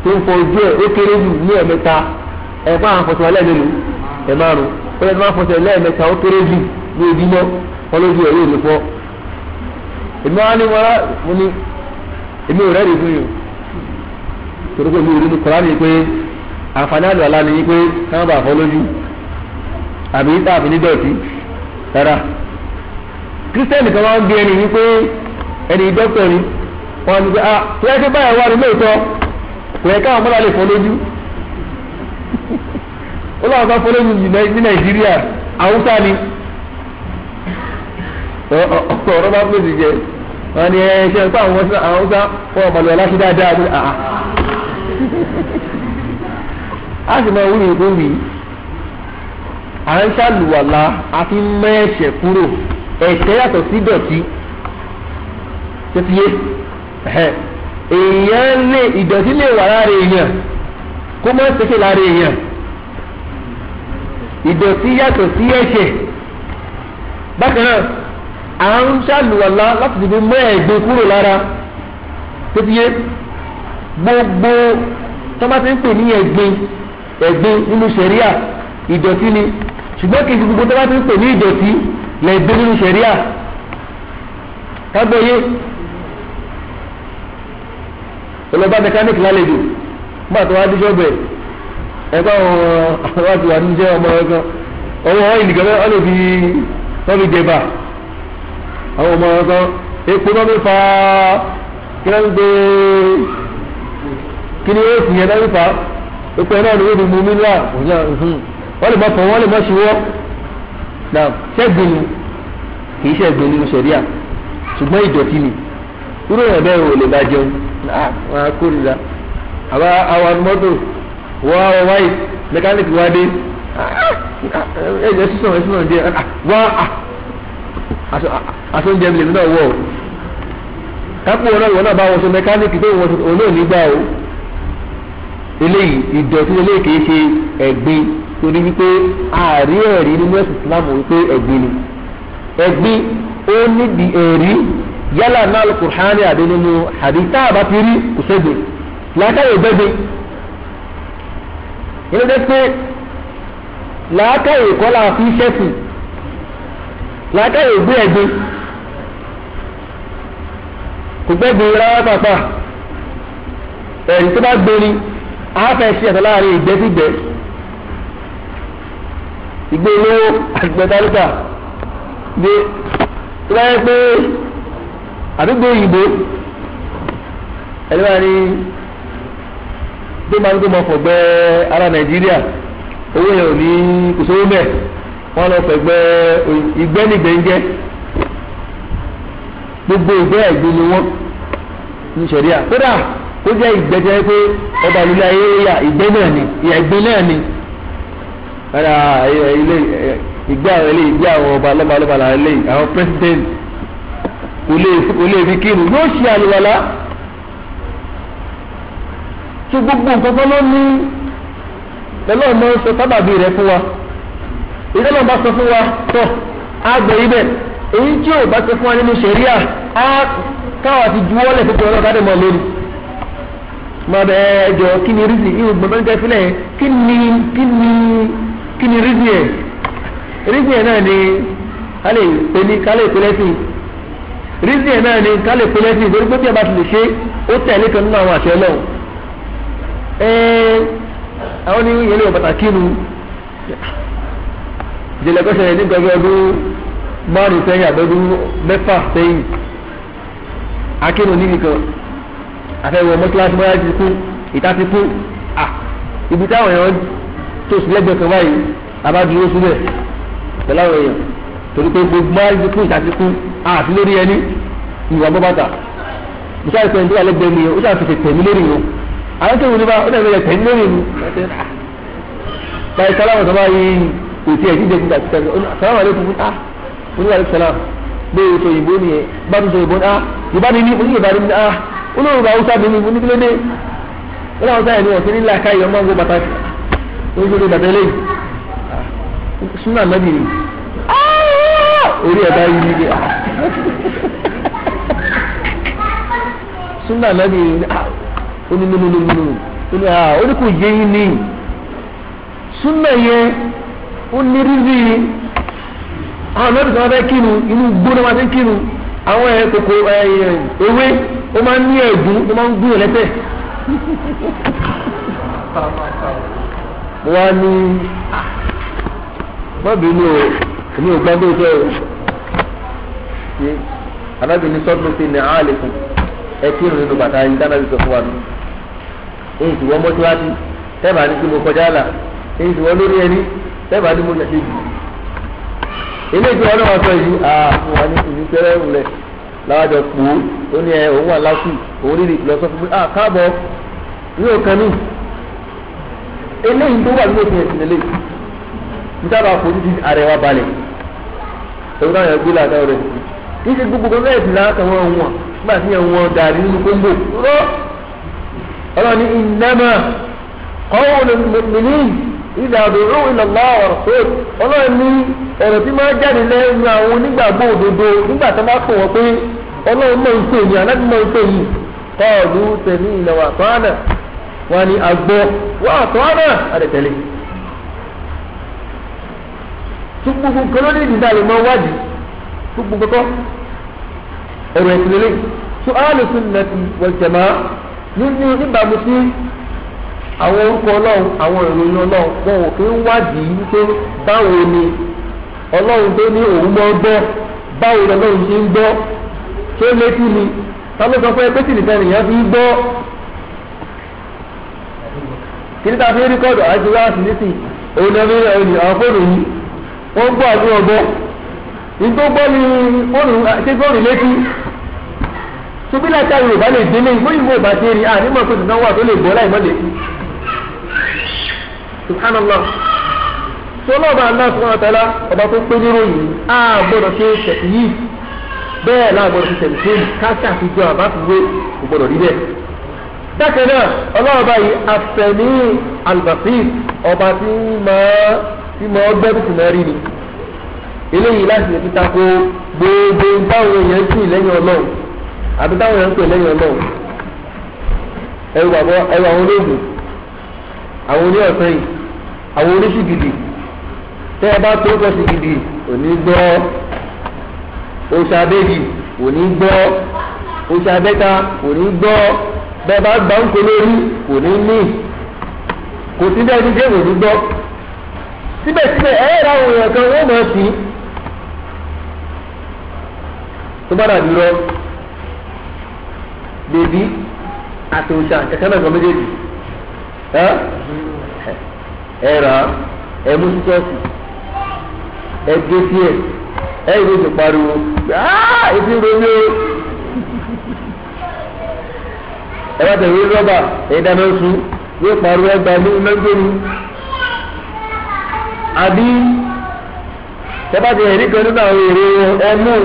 tó ń fọ ojú ẹ̀ ó kéré jù ní ẹ̀mẹ́ta ẹ̀ máa ń fọṣọ lẹ́ẹ̀mẹ́lú ó lẹ́ẹ̀ máa ń ó kéré jù ní ojúmọ́ ọlójú ẹ̀ yóò lè fọ́ èmi wá ní wọ́n mo ní èmi ò fún yìí torí pé mi ò rí ní kọ́lá ni àbí tààbí nídọ̀tí rárá kírísítẹ́nì kan máa ń bí ẹni wípé ẹni ni wọn ni pé ah tó yẹ kí báyìí wà ní lóòótọ́ kò yẹ káwọn mọ́lá lè fọ́ lójú ó ni ọ̀rọ̀ bá pèsè jẹ wọn ni ẹ ṣe ń pa àwọn haúsá fún dáadáa a sì máa ìkó à ń ṣàlùwàlà àfi mọ́ ẹ̀ṣẹ̀ kúrò ẹ̀ṣẹ̀ yàtọ̀ sí dọ̀tí tẹ́tíyé èèyàn lè ìdọ̀tí lè wà lára èèyàn kó má ṣèké lára èèyàn ìdọ̀tí yàtọ̀ sí ẹ̀ṣẹ̀ bákan náà à ń ṣàlùwàlà láti fi mọ́ ẹ̀gbin kúrò lára tẹ́tíyé gbogbo tọ́mátì ń pè ní ẹ̀gbin ẹ̀gbin nínú sẹ̀ríà ìdọ̀tí ni ṣùgbọ́n kì í fi gbogbo tó bá ti ń pè ní ìdọ̀tí lè gbé nínú ṣẹ̀ríà kágbóyé ọlọ́ba mẹkáníkì lálejò nígbà tó wá díjọ́ bẹ̀ ẹgbẹ́ àwọn àti wà níjẹ́ ọmọ ẹgbẹ́ ọwọ́ ìlú gẹ́gẹ́ ọ lè fi wọ́n fi jẹba àwọn ọmọ ẹgbẹ́ epo náà ló fa kí wọ́n gbé kí ni ó sì yẹn náà ló fa epo náà ló fi mú mílíọ̀nù wọ́n lè mọ tọ̀ wọ́n lè mọ ṣíwọ́ náà ṣẹ́gbin ni kì í ṣẹ́gbin nínú ṣẹ̀ríà ṣùgbọ́n ìdọ̀tí ni irú èèyàn bẹ́ẹ̀ ò lè bá jẹun àwọn akórira àbá àwọn mọ́tò wọ́n á wọ́n wáyé mẹkáníìkì wá dé ah, ẹ̀jẹ̀ sísọ̀ ẹ̀ sísọ̀ díẹ̀ ah, wọ́n àtúnjẹ ah. mi lèmi náà wọ̀ ọ́ kápò wọn náà wọ́n náà bá wọ́n so mẹkáníìkì tó wọ́n náà nígbà o eléyìí ìdọ̀tí eléyìí kìí ṣe ẹ̀gbin torí wípé àárí ẹ̀rí nínú ẹ̀sìn Islam wípé ẹ̀gbin ni ẹ̀gbin ó nídìí ẹ̀rí yálà náà Al-Qur'ani àbí nínú hadith tá a bá ti rí kò sẹ́gbẹ̀ làákàyè gbẹ́gbẹ́ inú dé pé làákàyè kọ́lá fi ṣẹ́sìn làákàyè gbé ẹ̀gbin kò gbẹ́gbẹ́ rárá pàpà ẹ̀rí tó bá gbé ni. àáfẹ́ sí ẹ̀sán láàrin ìgbẹ́sígbẹ́ ìgbé olówó àtìgbẹ́ tálíkà ní láyé pé àdúgbò òyìnbó ẹni wà tó máa ń tó mọ fọ̀gbẹ́ ara nàìjíríà owó yẹn ò ní kò sówó mẹ́ẹ̀ wọ́n lọ fẹ̀gbẹ́ ìgbẹ́nìgbẹ́ńjẹ́ gbogbo ìgbẹ́ ẹ̀gbin ni ní sẹ̀ríà kódà. tó jẹ́ ìgbẹ́jẹ́ pé ọba ìlú ayé yà ìgbẹ́ náà ni ìyà ìgbẹ́ náà ni ìgbẹ́ àwọn ilé ìgbẹ́ àwọn ọba lọ́ba lọ́ba làwọn ilé àwọn pírẹsidẹ́ntì kò lè fi kírun yóò ṣe àlùwàlá tó gbogbo nǹkan tó lọ ní lọ́lọ́ ọmọ sọ sábàbí rẹ̀ fún wa ìdí ọlọ́run bá sọ fún wa tọ́ àgbẹ̀ ibẹ̀ èyí tí ò bá sọ fún wa nínú ṣẹ̀ríà á káwà ti juwọ́lẹ̀ tó tọ́ ọlọ́kadà mọ́ lórí máa bẹ ẹjọ kí ni rízì yìí ò gbọ́dọ̀ jẹ́ sílẹ̀ kí ni kí ni kí ni rízì ẹ̀ rízì ẹ̀ náà ni ká lè pè ní ká lè ẹ̀ náà ni ká lè torí pé bí a bá ti lè ṣe ó tẹ̀lé kan nínú àwọn àṣẹ ọlọ́run ẹ̀ẹ́ àwọn ní yẹlẹ́ pàtàkì nu ìjìnlẹ̀ kọ́ṣẹ́ rẹ̀ ní gbẹgbẹ ọdún márùn-ún sẹ́yìn àbẹ́dún mẹ́fà sẹ́yìn akínú níbi kan afẹ́wọ̀ mọ́tíláṣí bọ́yá ti kú ìta ti kú à ibi táwọn èèyàn tó sí lẹ́gbẹ̀ẹ́ kan báyìí abádúró síbẹ̀ pẹ̀lú àwọn èèyàn torí pé gbogbo bọ́yá ti kú ìta ti kú àti lórí ẹni ìwà bọ́ bàtà musa ìpè ní alẹ́gbẹ̀ẹ́ mi ó ṣàfihàn tẹ̀mí lórí wọn àwọn tó wù ní bá ó dàbí tẹ̀mí lórí mi báyìí sálámù sábà yìí ètí ẹ̀ jíjẹ jíjẹ àtìkẹ́ olóòrùn haúsá bí mi mo ní kí ló dé wọn haúsá yẹn ni wọn ti ní làákà yìí ọmọ ọgbọ bàtà wọn gbọ́dọ̀ bàtà lẹ́yìn súnà nàbì ni orí ẹ bá yí ni dé súnà nàbì ni ó ní Ah, nínú ó ní ó ní kò yé yín tí wọ́n fẹ́ kírun inú gbóná wọn fẹ́ kírun àwọn ẹ̀ kòkò ewé ó máa ń ní ẹ̀dùn ó máa ń gún ẹ̀lẹ́tẹ̀. wọ́n á ní mọ́bìnrin o èmi ò gbọ́ bóyá o ṣe arábìnrin sọ́dún sí ní àlẹ́kùn ẹ kí ìrìn nínú bàtà yìí dáná sọ fún wa nù. èyí tí wọ́n mọ́tíwájú tẹ́ẹ̀bà ní kí mo kọjá là èyí tí wọ́n lórí ẹni tẹ́ẹ̀bà ní mo yàtí jù eléyìí wọn náà wọn sọ yìí àwọn ah, wà ní ìlú tẹ́lẹ̀ ńlẹ̀ láwájọ pò ó ó ní ẹ òun wà lásù òun rírì lọ sọ fún mi ah káàbọ̀ ní òkan ní eléyìí tó wà nínú òfin ẹ̀sìn eléyìí nítorí àwọn àpòjù ti àrẹwà balẹ̀ ẹ̀rọ àwọn ẹgbẹ́ làdá rẹ̀ kí ṣe gbogbo kan bẹ́ẹ̀ sì láàkàn wọn wọn nígbà tí yẹn wọn dàrí nínú kóńgò rọ ọlọ́ni ìnáma kọ́wọ́ lómìnir إذا دعوا إلى الله ورسوله ọlọ́run ní ọ̀rọ̀ tí máa jáde lẹ́nu àwọn onígbàgbọ́ òdodo nígbà tó bá fún wọn pé ọlọ́run mọ̀ ń pè ní mọ̀ ń pè yìí ni àgbọ̀ wà tọ́ánà àdẹ̀tẹ̀lẹ̀. gbogbo nǹkan ló ní ìdílé àlè máa wádìí gbogbo nǹkan ọ̀rọ̀ ẹ̀sìn tó àlùfín nàti wal jamaa àwọn orúkọ ọlọ́run àwọn ìròyìn ọlọ́run wọn ò fi ń wádìí wípé báwo ni ọlọ́run tó ní òun mọ́ gbọ́ báwo ni ọlọ́run ṣe ń gbọ́ ṣé létí ni ta ló sọ pé pé nìkan nìyẹn fi ń gbọ́ kìí ta fi ń rékọ́dù àti wáàsì nísìn òun àwọn fóònù yìí wọ́n gbọ́ àbí gbọ́ ni fóònù ṣé fóònù létí ṣùgbọ́n Yorùbá lè rí subhanallah sọlọ́ọ̀bà aláṣọ àtàlà ọba tó pé níròyìn á gbọ́dọ̀ ṣe ṣẹ̀tì yìí bẹ́ẹ̀ láàgbọ́dọ̀ ṣe ṣẹ̀tì yìí káṣà fi jọ àbá fi wé kò gbọ́dọ̀ rí bẹ́ẹ̀. bákan náà ọlọ́ọ̀bà yìí àfẹ̀mí albasir ọba tí mọ̀ ọ́ rí ni eléyìí láti lè fi tako gbogbo báwọn èèyàn ń sìn lẹ́yìn ọlọ́run àbí èèyàn ń àwọn oní ọ̀sán yìí àwọn oníṣì gidi tẹ́ ẹ bá tó pọ̀sì gidi òní gbọ́ oṣàbẹ́bì òní gbọ́ oṣàbẹ́ta òní gbọ́ bẹ́ẹ̀ bá gbà ń polórí òní ní kò sí bẹ́ẹ̀ ní géèmù òní gbọ́ síbẹ̀síbẹ̀ ẹ̀ẹ́dà àwọn èèyàn kan wọ́n mọ̀ sí tó bá dàbí lọ bèbí àti òṣà kẹ̀kẹ́ náà kan méjèèjì ẹ rà á ẹ mú sítọ́ọ̀sì ẹ gé díẹ̀ ẹ yìí ti pariwo ètí romi o ẹ bá tẹ̀wé rọ́bà ẹ dáná sun yóò pariwo ẹ gba ní mẹ́gbẹ́rú àbí ẹ bá ti ẹ̀rí kan nínú àwọn èrè ẹ mú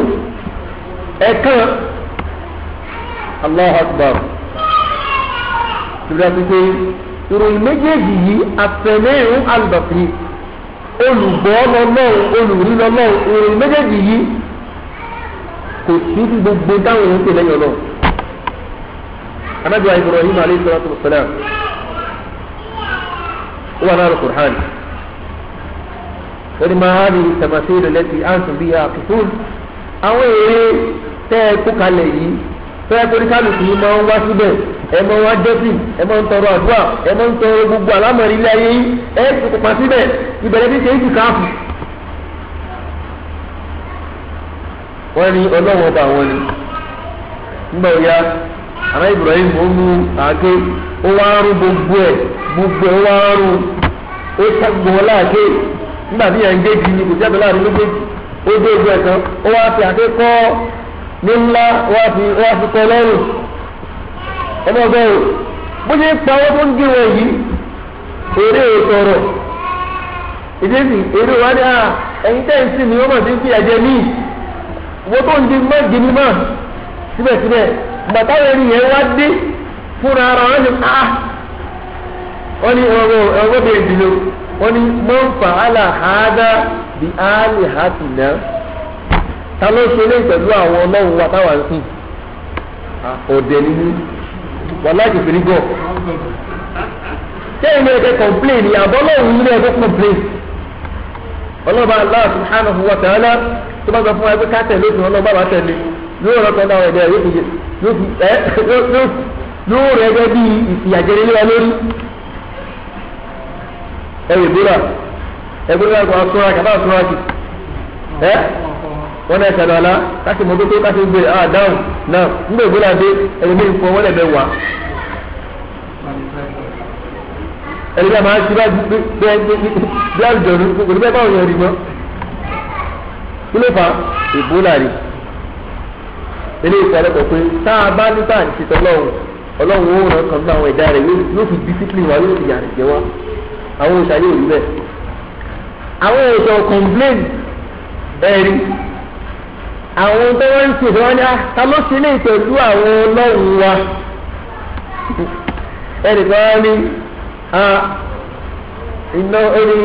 ẹ kàn ìròyìn méjèèjì yìí àtẹ̀mẹ́rún àlùbàfẹ́ olùgbọ́ lọ́lọ́run olùrí lọ́lọ́run ìròyìn méjèèjì yìí kò sí gbogbo dáhùn ìhùn tẹ̀lé yọ̀ lọ. anábìá Ibrahim aleyhi salatu wa salam ó wà náà lọ́kùnrin wọ́n máa wá ní tẹ̀mọ̀tẹ́lẹ̀ lẹ́tì ánsùn bíi àkùkùn àwọn èrè tẹ́ ẹ kó kalẹ̀ yìí tẹ́ ẹ kálukú máa ń wá síbẹ̀. Eme mọ wá eme ẹ mọ ń tọrọ àdúrà ẹ ń tọrọ gbogbo ala ilé ayé yín ẹ ti pupa síbẹ̀ ìbẹ̀rẹ̀ bí ṣe é ti káàfù. ní ọlọ́wọ́n bá wọn ni nígbà wo ya ara Ibrahim ó mú àáké ó wá rún gbogbo ẹ̀ gbogbo ẹ̀ ó wá rún ó láàké nígbà tí ń gé kò láàrin ọmọ ọgbẹ́ o bó ṣe ń pa owó tó ń gé wọn yìí èrè ò tọrọ ìdí sì èrè wa ni ẹ̀yin tẹ́ wọ́n mọ̀ sí fi ẹ̀jẹ̀ mí owó tó ń di síbẹ̀síbẹ̀ bàtà yẹn yẹn wá dé fúnra ara wọn ni a wọ́n ní ọgbẹ́ ndị dìlò wọ́n ní mọ́n fà álà hàádá bí áàlì hàtìnà ta ló ṣe lé wàláì kò fèrè gọ̀ sẹ́yìn ní ẹ̀kẹ́ complain ìyàbọ̀ lóhùn ní ẹ̀kẹ́ complain ọlọ́ba Allah subhanahu wa ta'ala tó bá sọ fún wa pé ká tẹ̀lé òfin ọlọ́ba bá tẹ̀lé yóò rọ́pẹ́ náà ẹ̀dẹ̀ yóò rẹ̀ ẹgbẹ́ bíi ìyàjẹ́rẹ́ lé wa lórí ẹ̀rẹ̀ ìbúra ẹ̀búra kò wá sọ́ra kàbá sọ́ra kì wọn náà ṣàlọ àlá káṣí mọ́tótó káṣí gbé ah dáhùn náà nígbà ìgbóná dé ẹlòmíì fún wọn lẹ́bẹ̀ẹ́ wá. ẹlòmíì àmọ́ aṣíra bí àjọ̀rú kò ní bẹ́ẹ̀ báwọn yẹn rí mọ́. kí ló fà á ìgbóná rí eléyìí sọ̀rọ̀ pọ̀ pé tá a bá ní táà ń ṣe tọ́lọ́run ọlọ́run ó ràn kàn bí àwọn ẹ̀dá rẹ̀ yóò fi discipline wa yóò fi yàrá jẹ wa àwọn òṣàlẹ̀ òrí bẹ́ẹ̀ àwọn èso complain ẹ̀rí àwọn tó wọ́n ń sìn wọ́n ní ah, ta ló sì lè pẹ̀lú àwọn ọlọ́run wa ẹnìkan wọ́n ní ah, iná ó ní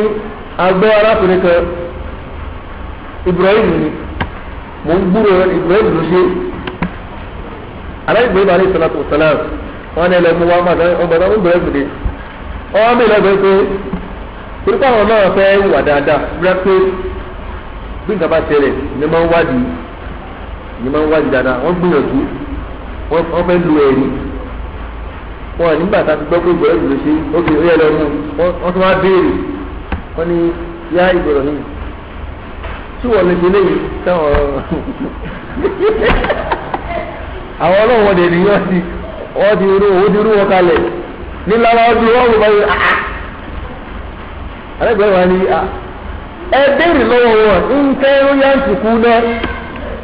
arákùnrin Ibrahim ni mò ń gbúrò Ibrahim ló ṣe aláìgbé ìbàlẹ̀ ìsọ̀látò sọ̀lám wọn ní ẹlẹ́mú wa máa ọgbà náà ń bẹ̀rẹ̀ gbèdé ọwọ́ mi pé torípàwọn náà fẹ́ wà dáadáa ni máa ń wájú dáadáa wọ́n gbìyànjú wọ́n fẹ́ lu ẹ̀rí wọn nígbà tá a ti gbọ́ pé ìgbọ̀rọ̀ ìlú ṣe ókè ó lọ mú wọ́n tún wáá béèrè wọ́n ní yá ìgbọ̀rọ̀ yìí tí wọ́n lè ṣe léyìí táwọn *laughs* àwọn ọlọ́run ti rú owó ti rú wọn kalẹ̀ wọn wò báyìí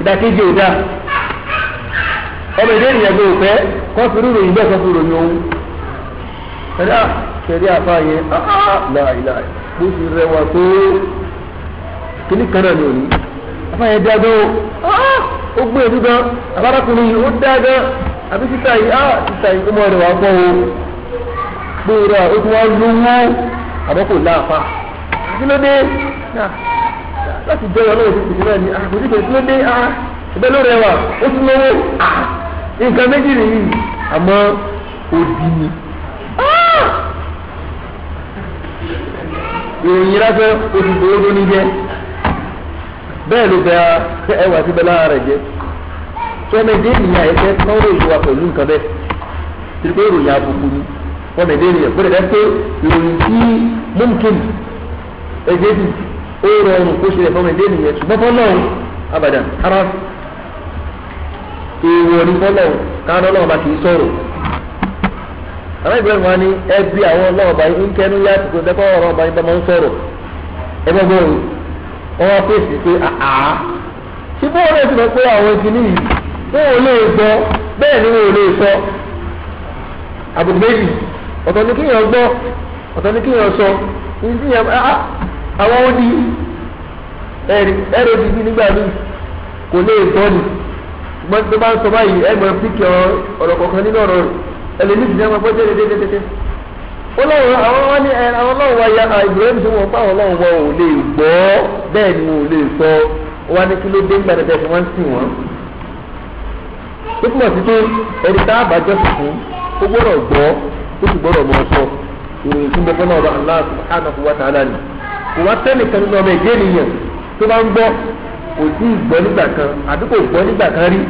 ìdàkejì ò dáa ọmọ ìdí ènìyàn gbé òpẹ kọ́ fi rúrò yìí bẹ́ẹ̀ kọ́ fi ròyìn òun ẹ̀dá kẹ̀rí àfa yẹn ah, ah, láìlá bó ti rẹwà tó kíní kan náà ni òní àfa yẹn dá gbọ́ ah, ó gbé èdú gan abárakùnrin yìí ó dá gan àbí títà yìí á títà yìí ó mọ ẹ̀rọ wà gbọ́ o gbé rẹ̀ ó ti wá lówó àbọ̀kò láàfa kí ló dé láti jẹ́ ọlọ́run tó kùtù náà ni àkùtù kò tún dé a ah, ìbẹ́ ló rẹwà ó tún lówó a ah, nǹkan méjì nìyí àmọ́ òdì ni. Ah! ìròyìn lásán oṣù tó lódó ní jẹ bẹ́ẹ̀ ló bẹ ẹwà tí bẹ lára rẹ̀ jẹ tọ́mẹdé nìyà ẹ̀fẹ́ náwó ìwà pẹ̀lú nǹkan bẹ́ẹ̀ tìrìkọ́ ìròyìn àbùkù ni tọ́mẹdé nìyà gbọ́dọ̀ dẹ́ pé ìròyìn tí mọ́mùkìn ẹ̀jẹ̀ bìí. ó rọrùn kó ṣe lè fọmọ ẹdẹ nìyẹn abadan haram èèwọ̀ ni fọlọ́run káwọn ọlọ́run bá kì ni ẹbí àwọn ọlọ́run nke ń kẹnu yá àtìkò dẹ́kọ̀ ọ̀rọ̀ bá ń bá ń sọ̀rọ̀ ẹ bọ́ bọ́ọ̀rù wọn fèsì pé àá tí bọ́ọ̀rù ẹ̀ ti ni wọn ò lè sọ àbùkù méjì ọ̀tọ̀ ni kíyàn àwọn ó di ẹ̀rọ nígbà kò lè gbọ́ ni ṣùgbọ́n tó bá ń sọ báyìí ọ̀rọ̀ kọ̀ọ̀kan nínú ọ̀rọ̀ ẹlẹ́ni ti dẹ́gbẹ́ wa ya ah, Ibrahim tó wọn pa ọlọ́run wọn ò lè gbọ́ bẹ́ẹ̀ ni wọn ò lè sọ wọn ní kí ló dé kò wá tẹ́nìkan nínú ọmọ ẹ̀jẹ̀ nìyẹn tó bá ń gbọ́ kò sí ìgbọ́ nígbà kan àbí kò gbọ́ nígbà kan rí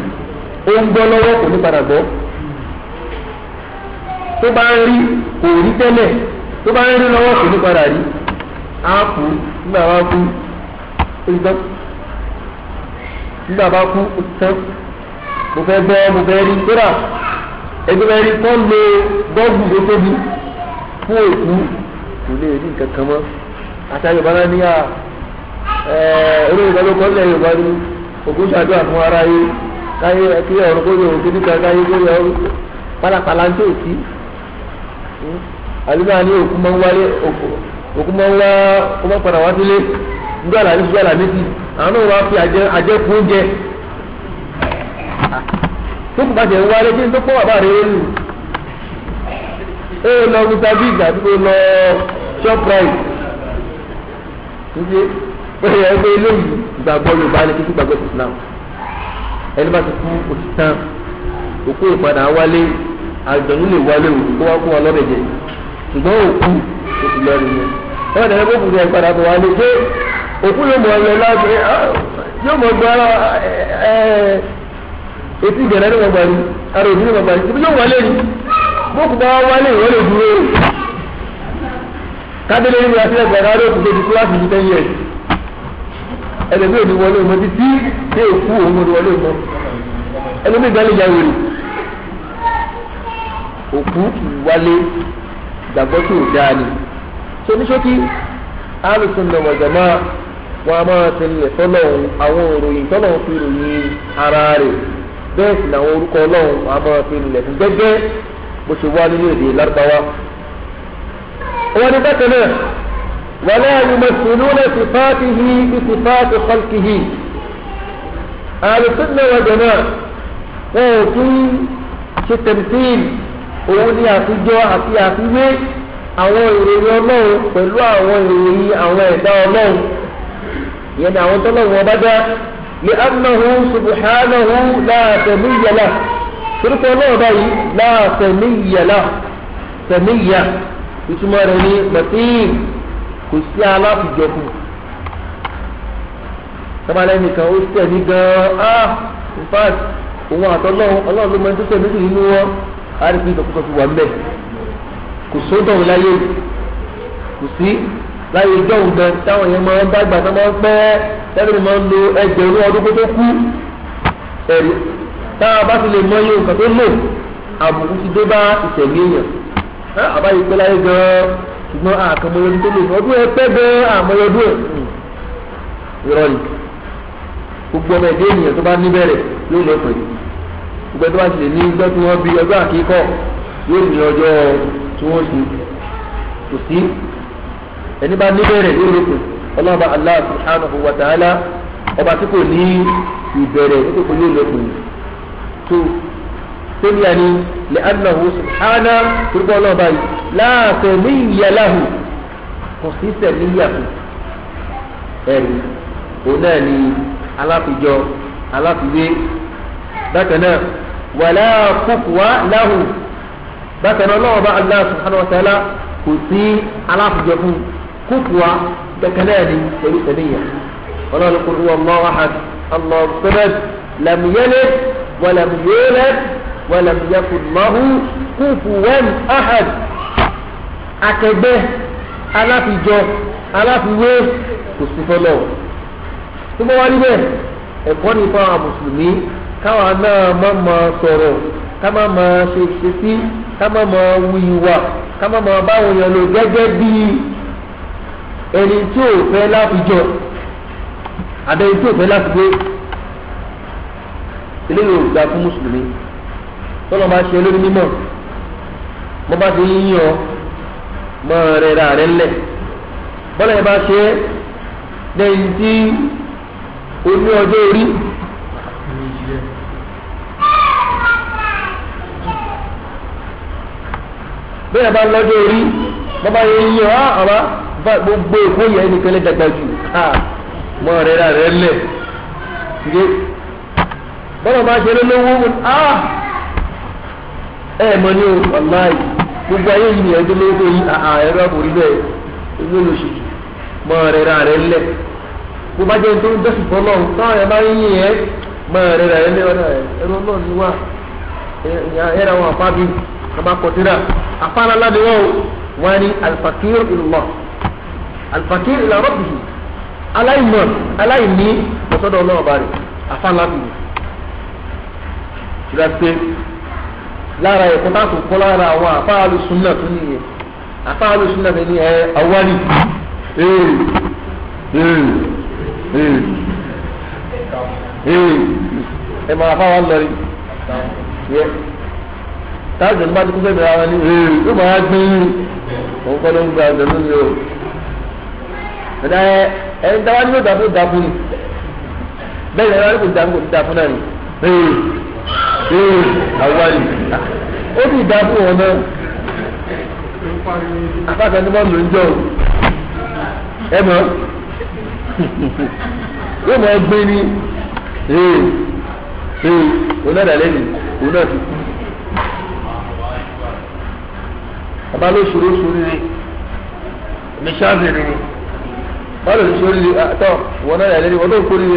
ó ń gbọ́ lọ́wọ́ kò ní padà gbọ́ tó bá ń rí kò rí tẹ́lẹ̀ tó bá ń rí lọ́wọ́ kò ní padà rí á kú nígbà wá kú ó ti tán nígbà bá kú ó ti tán mo fẹ́ gbọ́ mo fẹ́ rí kódà ẹgbẹ́ bá rí kọ́ lo gọ́ọ̀gù tó tóbi fún òkú kò lè rí nǹkan kan mọ́. àti Yorùbá náà níyà ẹ eré Yorùbá ló kọ́ ilẹ̀ Yorùbá ni òkú ṣàdúrà fún ara yìí káyé kí ọ̀rọ̀ kó yẹ òkú níta káyé kó yẹ ọ̀rọ̀ pálapàla ń tó àlùmọ́ àní máa ń wálé máa ń wá kó padà wá sílé àwọn náà fi àjẹkù oúnjẹ tó kù bá níbi bẹ́ẹ̀ ẹgbẹ́ eléyìí ìgbàgbọ́ yorùbá ni kíkí gbàgbọ́ islam ẹni bá ti kú oṣù tán òkú ìpadà wálé àjọyún lè wálé o kó wá kó wọn lọ́bẹ̀ jẹ ṣùgbọ́n òkú oṣù lọ́rin ni wọ́n dẹ̀ ẹgbẹ́ òkùnkùn ìpadà bọ̀ wálé pé òkú yóò mọ̀ ọ́ lọ́ọ́ ah, yóò mọ̀ gbọ́ etí ìgbẹ̀rẹ̀ ni wọ́n gbà ní ara òbí ni wọ́n gbà ní kádélé ní wíwá sílẹ̀ gbàgbá ló ti débi kíláàsì yìí ten years ẹlẹ́bí ò ní wọlé ọmọ títí tí èkú òun ò ní wọlé ọmọ ẹlẹ́bí ìgbàlè ya wèrè òkú ìwálé gbàgbọ́ tó dáa ni tó ní ṣókí alùsùn náà wọ̀ jọ̀mọ́ wọn a máa tẹ̀lé tọ́lọ́hún àwọn òròyìn tọ́lọ́hún fi ròyìn ara rẹ̀ bẹ́ẹ̀ sì làwọn orúkọ ọlọ́hún a máa fi rìnlẹ̀ fún gẹ́gẹ́ bó ṣe wá nínú èdè lárúbáwá wọ́n ní bẹ́ẹ̀ tẹ́lẹ̀ wọlé yumathiluna sifatihi bi sifati khalqihi al-sunna wal jamaa wọn ò tún ṣe tẹ̀mísìn òun ni àfijọ́ àti àfiwé àwọn ìròyìn ọlọ́run pẹ̀lú àwọn ìròyìn àwọn ẹ̀dá ọlọ́run ìyẹn ni àwọn tọ́lọ́run ọba dá lè amúnáhu subuhánahu láàtẹ̀mí yẹlá torí pé báyìí láàtẹ̀mí yẹlá tẹ̀mí yẹlá ìtumọ̀ rẹ̀ ní pẹ̀tíì kò sí alábùjọkù sábàlẹ̀ nìkan ó tẹ̀ ní gan-an ah in fact òun àtọ́lọ́hún ọlọ́run ló mọ tó tẹ̀lé nínú wọn á rí pé ìtọ́kùtọ̀ fi wà ń bẹ̀ kò sódò láyé kò sí láyé ìjọ gan táwọn èèyàn máa ń dàgbà tó máa ń pẹ́ tẹ́lẹ̀ máa ń lo ẹgbẹ̀rún ọdún kó tó kú ẹ̀rí táwọn bá lè mọ iye nǹkan tó lò àbùkù ti dé bá ìtẹ̀lé èèyàn àbáyé pé láyé gan-an ṣùgbọ́n àkànmọ́yọ tó lè ọdún ẹ pẹ́ gan-an àmọ́yọ ọdún ẹ̀ irọ́ ni gbogbo ọmọ ẹ̀dẹ́ ènìyàn tó bá níbẹ̀rẹ̀ yóò lọ pẹ̀lú gbogbo ẹ̀ tó bá ṣe ní ìjọ tí wọ́n bí ọjọ́ àkíkọ́ yóò ní ọjọ́ tí wọ́n ṣe kò sí ẹni bá níbẹ̀rẹ̀ yóò lọ pẹ̀lú ọlọ́ba Allah subhanahu wa ta'ala ọba tí kò ní ìbẹ̀rẹ̀ tó kò yóò lọ pẹ̀lú tóbi ẹni lè anahu subhana turukọ náà báyìí láàfẹ ní ìyàláhu kò sí sẹmí yàtọ̀ ẹni òun náà ni aláfijọ aláfiwé bákan náà wàlá kúkúwá láhù bákan náà lọ́wọ́ bá Allah subhana wa ta'ala kò sí aláfijọ fún kúkúwá bákan náà ni pẹ̀lú sẹmí yàtọ̀ ọlọ́run kò rú ọmọ ahad allah sọ́dọ̀ làmúyẹ́lẹ́ wàlàmúyẹ́lẹ́ wàlẹ̀ yẹkùn lọ́hù kúfù wẹ́n ahad akẹgbẹ́ aláfijọ aláfiwé kò sí fọlọ́ tó bá wá níbẹ̀ ẹ̀kọ́ ní fáwọn mùsùlùmí káwọn náà má mọ sọ̀rọ̀ ká má mọ ṣe ṣe sí ká má mọ wu ìwà ká má mọ báwọn èèyàn lò gẹ́gẹ́ bí ẹni tí ò fẹ́ láfijọ àbẹ̀yìn tí ò fẹ́ láfiwé eléyìí ò fún mùsùlùmí tọ́lọ́ bá ṣe lórí mímọ́ mo bá ti yín ọ mọ rẹ ra rẹ lẹ bọ́lá yẹn bá ṣe é lẹ́yìn tí o ní ọjọ́ orí. bẹ́ẹ̀ bá lọ́jọ́ orí bàbá yẹn yín ọ ah, àbá gbogbo èkó yẹn nìkan lè dàgbà jù mọ rẹ ra rẹ lẹ bọ́lá bá ṣe lólówó ah. ẹ mọ ní o wàláì gbogbo ayé yìí nìyẹn tó yìí àhà àbòrí ewé mọ ra bó bá táwọn bá mọ ra náà ni wà àfábí wọn wọn ni aláìní lára ẹ̀kọ́ náà tó kọ́ lára àwọn àfáàlù súnà tó nìyẹn àfáàlù súnà tó ní ẹ awali ee ee ee ee ẹ máa fáwọn lọ rí yẹ táàgì ní bá tó kúfẹ́ bẹ̀rẹ̀ àwọn ẹni ee yóò máa gbé òun kọ́ ló ń gba ọ̀dọ̀ lónìí o ẹ̀dá ẹ ní yóò dàbí ó dàbí ni bẹ́ẹ̀ ni ẹ̀rọ ní kò dàbí kò dàbí náà ni ee àwárí ó sì fún ọ náà apáta ní bọ́ọ̀lù ń jọ ẹ mọ̀ yóò mọ̀ gbé ee ee onídàálẹ́ ni òun náà ti kú bàbá ló ṣòro sórí rẹ̀ ní sáfì rẹ̀ wọ́n lè sórí rẹ̀ àtọ̀ wọ́n náà yà lẹ́ni wọ́n náà kórìí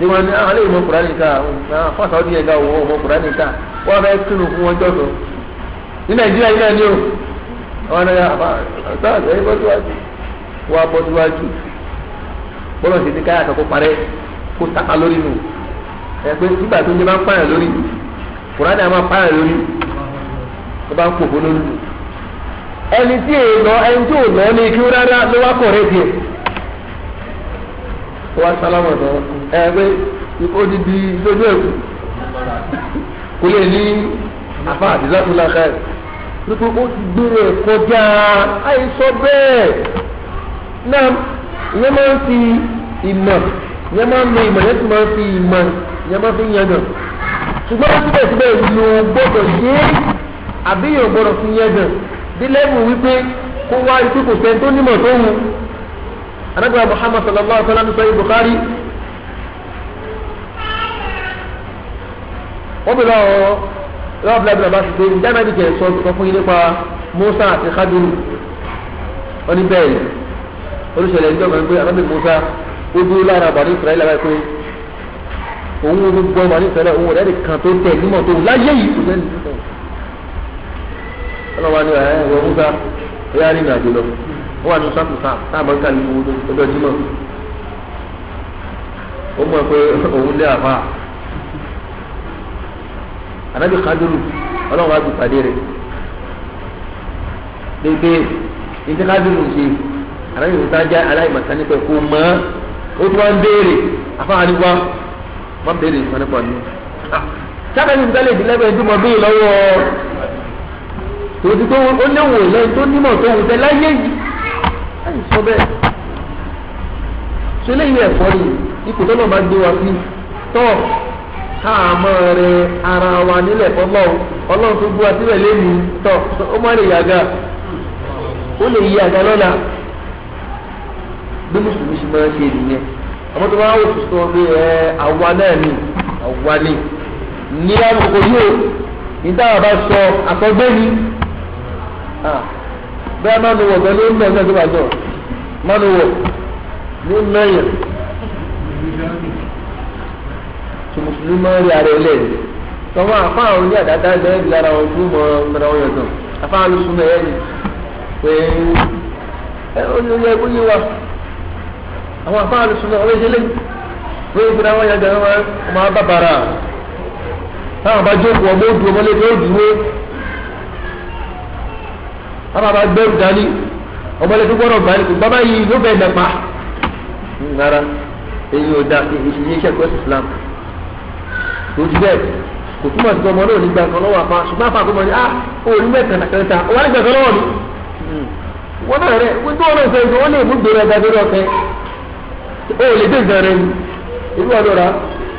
ni wọn ní àwọn ilé ìmọ̀ ká àwọn ah, fọ́sà ọdún yẹn ga owó ọmọ ká wọ́n fẹ́ túnú fún wọn jọ́sọ̀ ní nàìjíríà yìí náà ni o àwọn ọ̀nà yà àbá sáà sẹ́yìn bọ́síwájú wọ́n á bọ́síwájú bọ́lọ̀ sì ti káyà kọ́kọ́ parẹ́ kó sáka lórí nù ẹ pé nígbà tó ń jẹ́ bá ń pààyàn lórí kùránì pààyàn lórí ó bá ń pòfó lórí nù ẹni tí ẹni ẹ̀wẹ́ odidi lójú ẹ̀kú kò lè ní apá àdìsátúlá ká ẹ̀ nípa ó ti gbére kọjá àìsọ bẹ́ẹ̀ náà ìyẹn máa ń fi ìmọ̀ ìyẹn máa ń lo ìmọ̀ ìyẹn sì máa ń fi ìmọ̀ ìyẹn máa ń yẹn dàn ṣùgbọ́n ó síbẹ̀síbẹ̀ ló gbọ́dọ̀ ṣe é àbí yóò gbọ́dọ̀ fi yẹn bí lẹ́mù wípé kó wá ikú kò sẹ́ni tó nímọ̀ tó wù. anábìyà Muhammad sallallahu alaihi wa sallam sọ ibùkárí wọ́n bí lọ́wọ́ lọ́wọ́ bí lọ́wọ́ bá ti dé dáná bí kẹ̀ sọ sọ fún yín nípa Musa àti Khadiru wọ́n ní bẹ́ẹ̀ olùsọ̀lẹ̀ ń dọ̀gbọ́n pé anábì Musa ó dúró lára bàdí Israẹli lábẹ́ pé òun ló gbọ́ bàdí Israẹli òun rẹ̀ kan tó tẹ̀ nímọ̀ tó láyé yìí kò sẹ́ni ọlọ́wọ́ ni ẹ̀ wọ Musa ó yá rìnrìn àjò lọ ó wà ní sọ́ọ̀tù sáà táàbọ̀ ń kàlí owó lójoojúmọ́ ó mọ̀ pé òun lé àfáà anabi kaduru ọlọ́run wa dùn pàdé rẹ̀ gbégbé ìdí kaduru ṣe anabi musa jẹ́ aláìmọ̀tá nípa ẹ̀kọ́ mọ́ ó tún wá ń béèrè afáwọn nípa wọ́n béèrè nípa nípa nù. sábẹ́ni musa lè di lẹ́bẹ̀ẹ́ dùn mọ́ bí lọ́wọ́ tòtí tó ó léwò lẹ́yìn tó nímọ̀ tó wù tẹ́ láyé yìí láyé sọ bẹ́ẹ̀ ṣe léyìn ẹ̀fọ́ yìí ipò tó lọ́ọ́ bá gbé wa sí tọ́ọ̀. káàmọ́ rẹ ara wa nílẹ̀ fọlọ́run ọlọ́run tó ati síbẹ̀ lẹ́nu tọ́ ó má lè yàgà ó lè yí àga lọ́la bí mùsùlùmí ṣe máa ń ṣe nìyẹn àwọn tó bá wò tó sọ pé ẹ àwa náà ni àwa ni o ní táwọn sọ àtọ́gbé ha bẹ́ẹ̀ máa ń wọ̀ ló ń bẹ̀ tí mùsùlùmí máa ń rí ara ẹlẹ́rìí tọ́wọ́ àfáàrùn ní àdáda ẹgbẹ́ ẹ̀dì lára wọn tó mọ ọ̀rọ̀ wọn yọ̀tọ̀ àfáàrùn sún mẹ́rẹ́ ni pé ó ní oyè ẹgbẹ́ yìí wà àwọn àfáàrùn sún mẹ́rẹ́ ọlọ́ọ̀ṣẹ́ lẹ́yìn pé ìgbìnà wọn yàgbẹ́ wọn máa bá bàrà táwọn bá jókòó ọmọ òdu ọmọ lẹ́gbẹ́ òdúró àwọn bá gbẹ́rù dání ọmọ lẹ́gbẹ́ gbọ́dọ̀ gbà ní bàbá yìí ló bẹ̀ dàpá rárá èyí ò dá èyí ṣe kọ́ Islam tó ti bẹ́ẹ̀ kò túmọ̀ sí ọmọ náà nígbà kan lọ́wọ́ àpá ṣùgbọ́n àpá a ah, orí mẹ́ta kẹta wà nígbà kan lọ́wọ́ mi. wọ́n náà rẹ̀ wọ́n tó wọ́n wọ́n lè mú gbèrè ẹ̀dá lórí ọ̀fẹ́ o dé ìgbà rẹ̀ ni ìlú ọ̀dọ̀ rà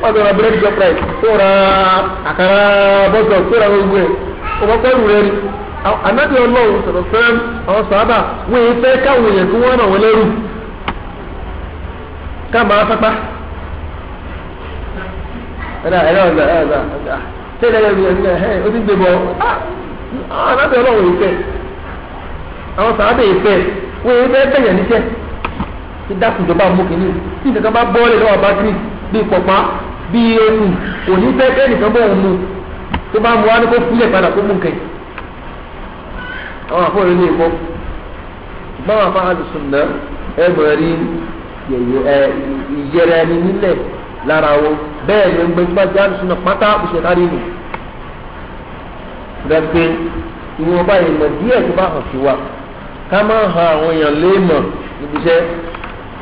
ọ̀dọ̀ ra bírèdì jọ price tó ra àkàrà tó ra gbogbo ẹ̀ ọmọ rẹ̀ ni anábì ọlọ́run sọ̀rọ̀ ẹ̀rọ ẹ̀rọ ẹ̀rọ ẹ̀rọ tẹ́lẹ̀ ẹ̀rọ ẹ̀rọ ẹ̀hẹ́ ó ti gbé bọ̀ ah, ah, alábẹ̀ ọlọ́run ìfẹ́ àwọn sàábẹ̀ ìfẹ́ wọ́n yẹ bẹ́ẹ̀ bẹ̀yẹ̀ níṣẹ́ ti dákùnjọba mú kínní tí nǹkan bá bọ́ọ̀lì lọ́wọ́ bá dì bí pọ̀pá bí ewu òní fẹ́ bẹ́ẹ̀ nìkan bọ̀ òun mu tó bá mu wá ní kó fúlẹ̀ padà kó mú nǹkan yìí àwọn àfọwọ́ ilé ìfọ́ báwọn afọ àdùsùn náà ẹ̀ bọ̀ rí ìyẹ̀rẹ̀ ẹni nílẹ̀ lára wọn bẹ́ẹ̀ ni gbogbo àti àdùsùn náà pátá òṣèlú kárí nù. gbẹgbẹ ìwọ̀n báyìí mọ̀ díẹ̀ tó bá hàn sí wa ká má han àwọn èèyàn léèmọ̀ níbi iṣẹ́.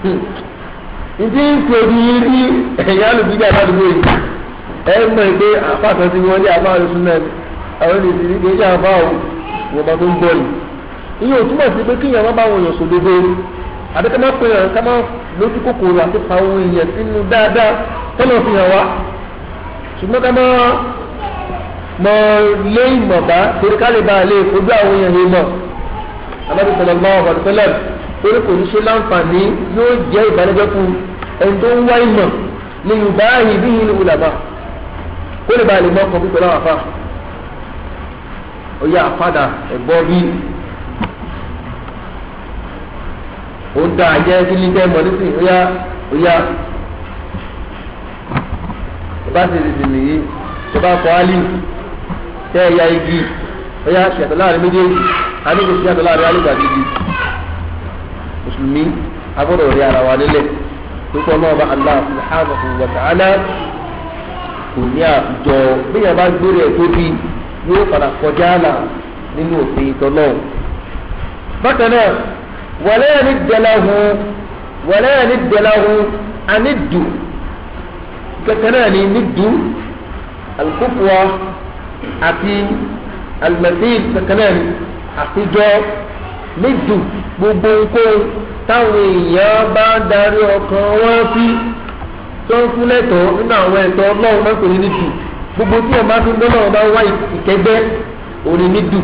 Hmm. ìdí ìkòrí rí ẹ̀yìn alùpùpù àti àdúgbò yìí ẹ mọ̀ pé àpáàtàn ti wọ́n dé àbáàdùsùn náà àwọn ènìyàn ti ní kí n ṣe àbáwò ìwọ̀n tó ń bọ̀ yìí. ìyẹn ò túmọ̀ sí pé kíyàn àbí ká má pè hàn ká má lójú kòkòrò àti fa àwọn èèyàn sínú dáadáa tọ́lọ̀ fi hàn wá ṣùgbọ́n ká má mọ lé ìmọ̀ bá torí ká lè bá a lè fojú àwọn èèyàn yìí mọ̀ abájú sọ̀rọ̀ lọ́wọ́ ọ̀bọ̀n tẹ́lẹ̀ torí kò ní ṣe láǹfààní yóò jẹ́ ìbánijẹ́ fún ẹni tó ń wá ìmọ̀ ní yorùbá yìí bí yìí ní wùlàmà kó lè bá a lè mọ ọkọ̀ pípẹ́ láwọn àfa ó yá àfádà ẹ̀gbọ́ bíi ó dá ajẹ́ kí ní jẹ́ mọ̀lẹ́sìn ó yá ó yá tó bá ṣe tètè nìyí tó bá kọ́ álì tẹ́ ẹ ya igi ó yá ṣẹ̀tọ̀ láàrin méjèèjì àdéhùn ṣẹ̀tọ̀ láàrin alùpàdéjì mùsùlùmí agbọ́dọ̀ rí ara wa nílẹ̀ pípọ̀ náà bá Allah subhanahu wa ta'ala kò ní àjọ bíyàn bá gbére ẹ̀ tóbi yóò padà kọjá àlà nínú òfin ìtọ́lọ́ọ̀ bákan náà wala yanid lahu wala yanid lahu aniddu kẹkẹ náà ni niddu alukókòwà àti alimẹsìn kẹkẹ náà ni àtijọ́ niddu gbogbo nǹkan táwọn èèyàn bá darí ọkàn wọn sí tó ń fún lẹ́tọ̀ọ́ nínú àwọn ẹ̀tọ́ ọlọ́run náà kò ní niddu gbogbo tí wọn bá fi ń bá wá ìkẹgbẹ́ òní niddu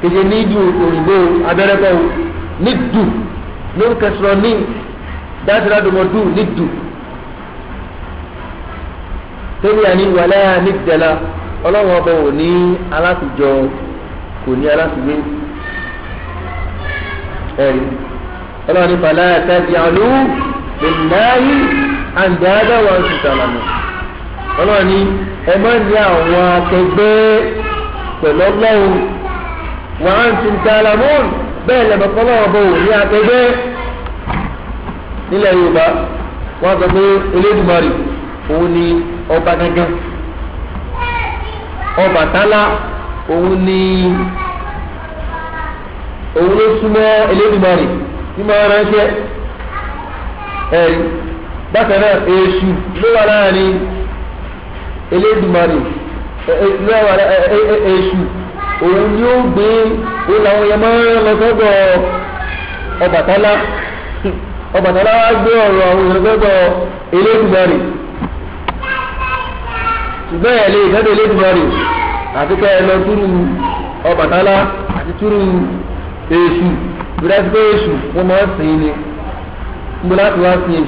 kejì niddu òyìnbó abẹ́rẹ́kọ̀ o niddu nun kasro nin dasira domo du niddu tẹ́lẹ̀ ni wàlẹ́ nídẹ̀lá ọlọ́run ọba ò ní alátùjọ kò ní alátùwé ẹ̀rí ọlọ́run ní fàlẹ́ àtẹ́jì àlú bẹ̀rẹ̀ àǹdáàdá wà sí sàlámù ọlọ́run ní ẹ má ní àwọn akẹgbẹ́ pẹ̀lú ọgbọ́n wà á ń tún tàlámù. bẹ́ẹ̀ lẹ́bẹ̀ kọ́ lọ́wọ́ bọ̀ òní akẹgbẹ́ nílẹ̀ yorùbá wọ́n sọ pé Elédùmarè òun ni ọba gángan Ọbàtálá òun ni òun ló súnmọ́ Elédùmarè tí máa ránṣẹ́ ẹ̀rí bákan náà èṣù ló wà láàrin èṣù. òun ni ó gbé ó làwọn yẹn máa ń lọ sọ́dọ̀ Ọbàtálá Ọbàtálá wá gbé ọ̀rọ̀ àwọn yẹn sọ́dọ̀ Elédùmarè ṣùgbọ́n lè sọ́dọ̀ Elédùmarè àti kẹ́ ẹ lọ túrú Ọbàtálá àti túrú Èṣù ìdájọ́ Èṣù wọ́n máa ń sìn ní níbo láti wá Èṣù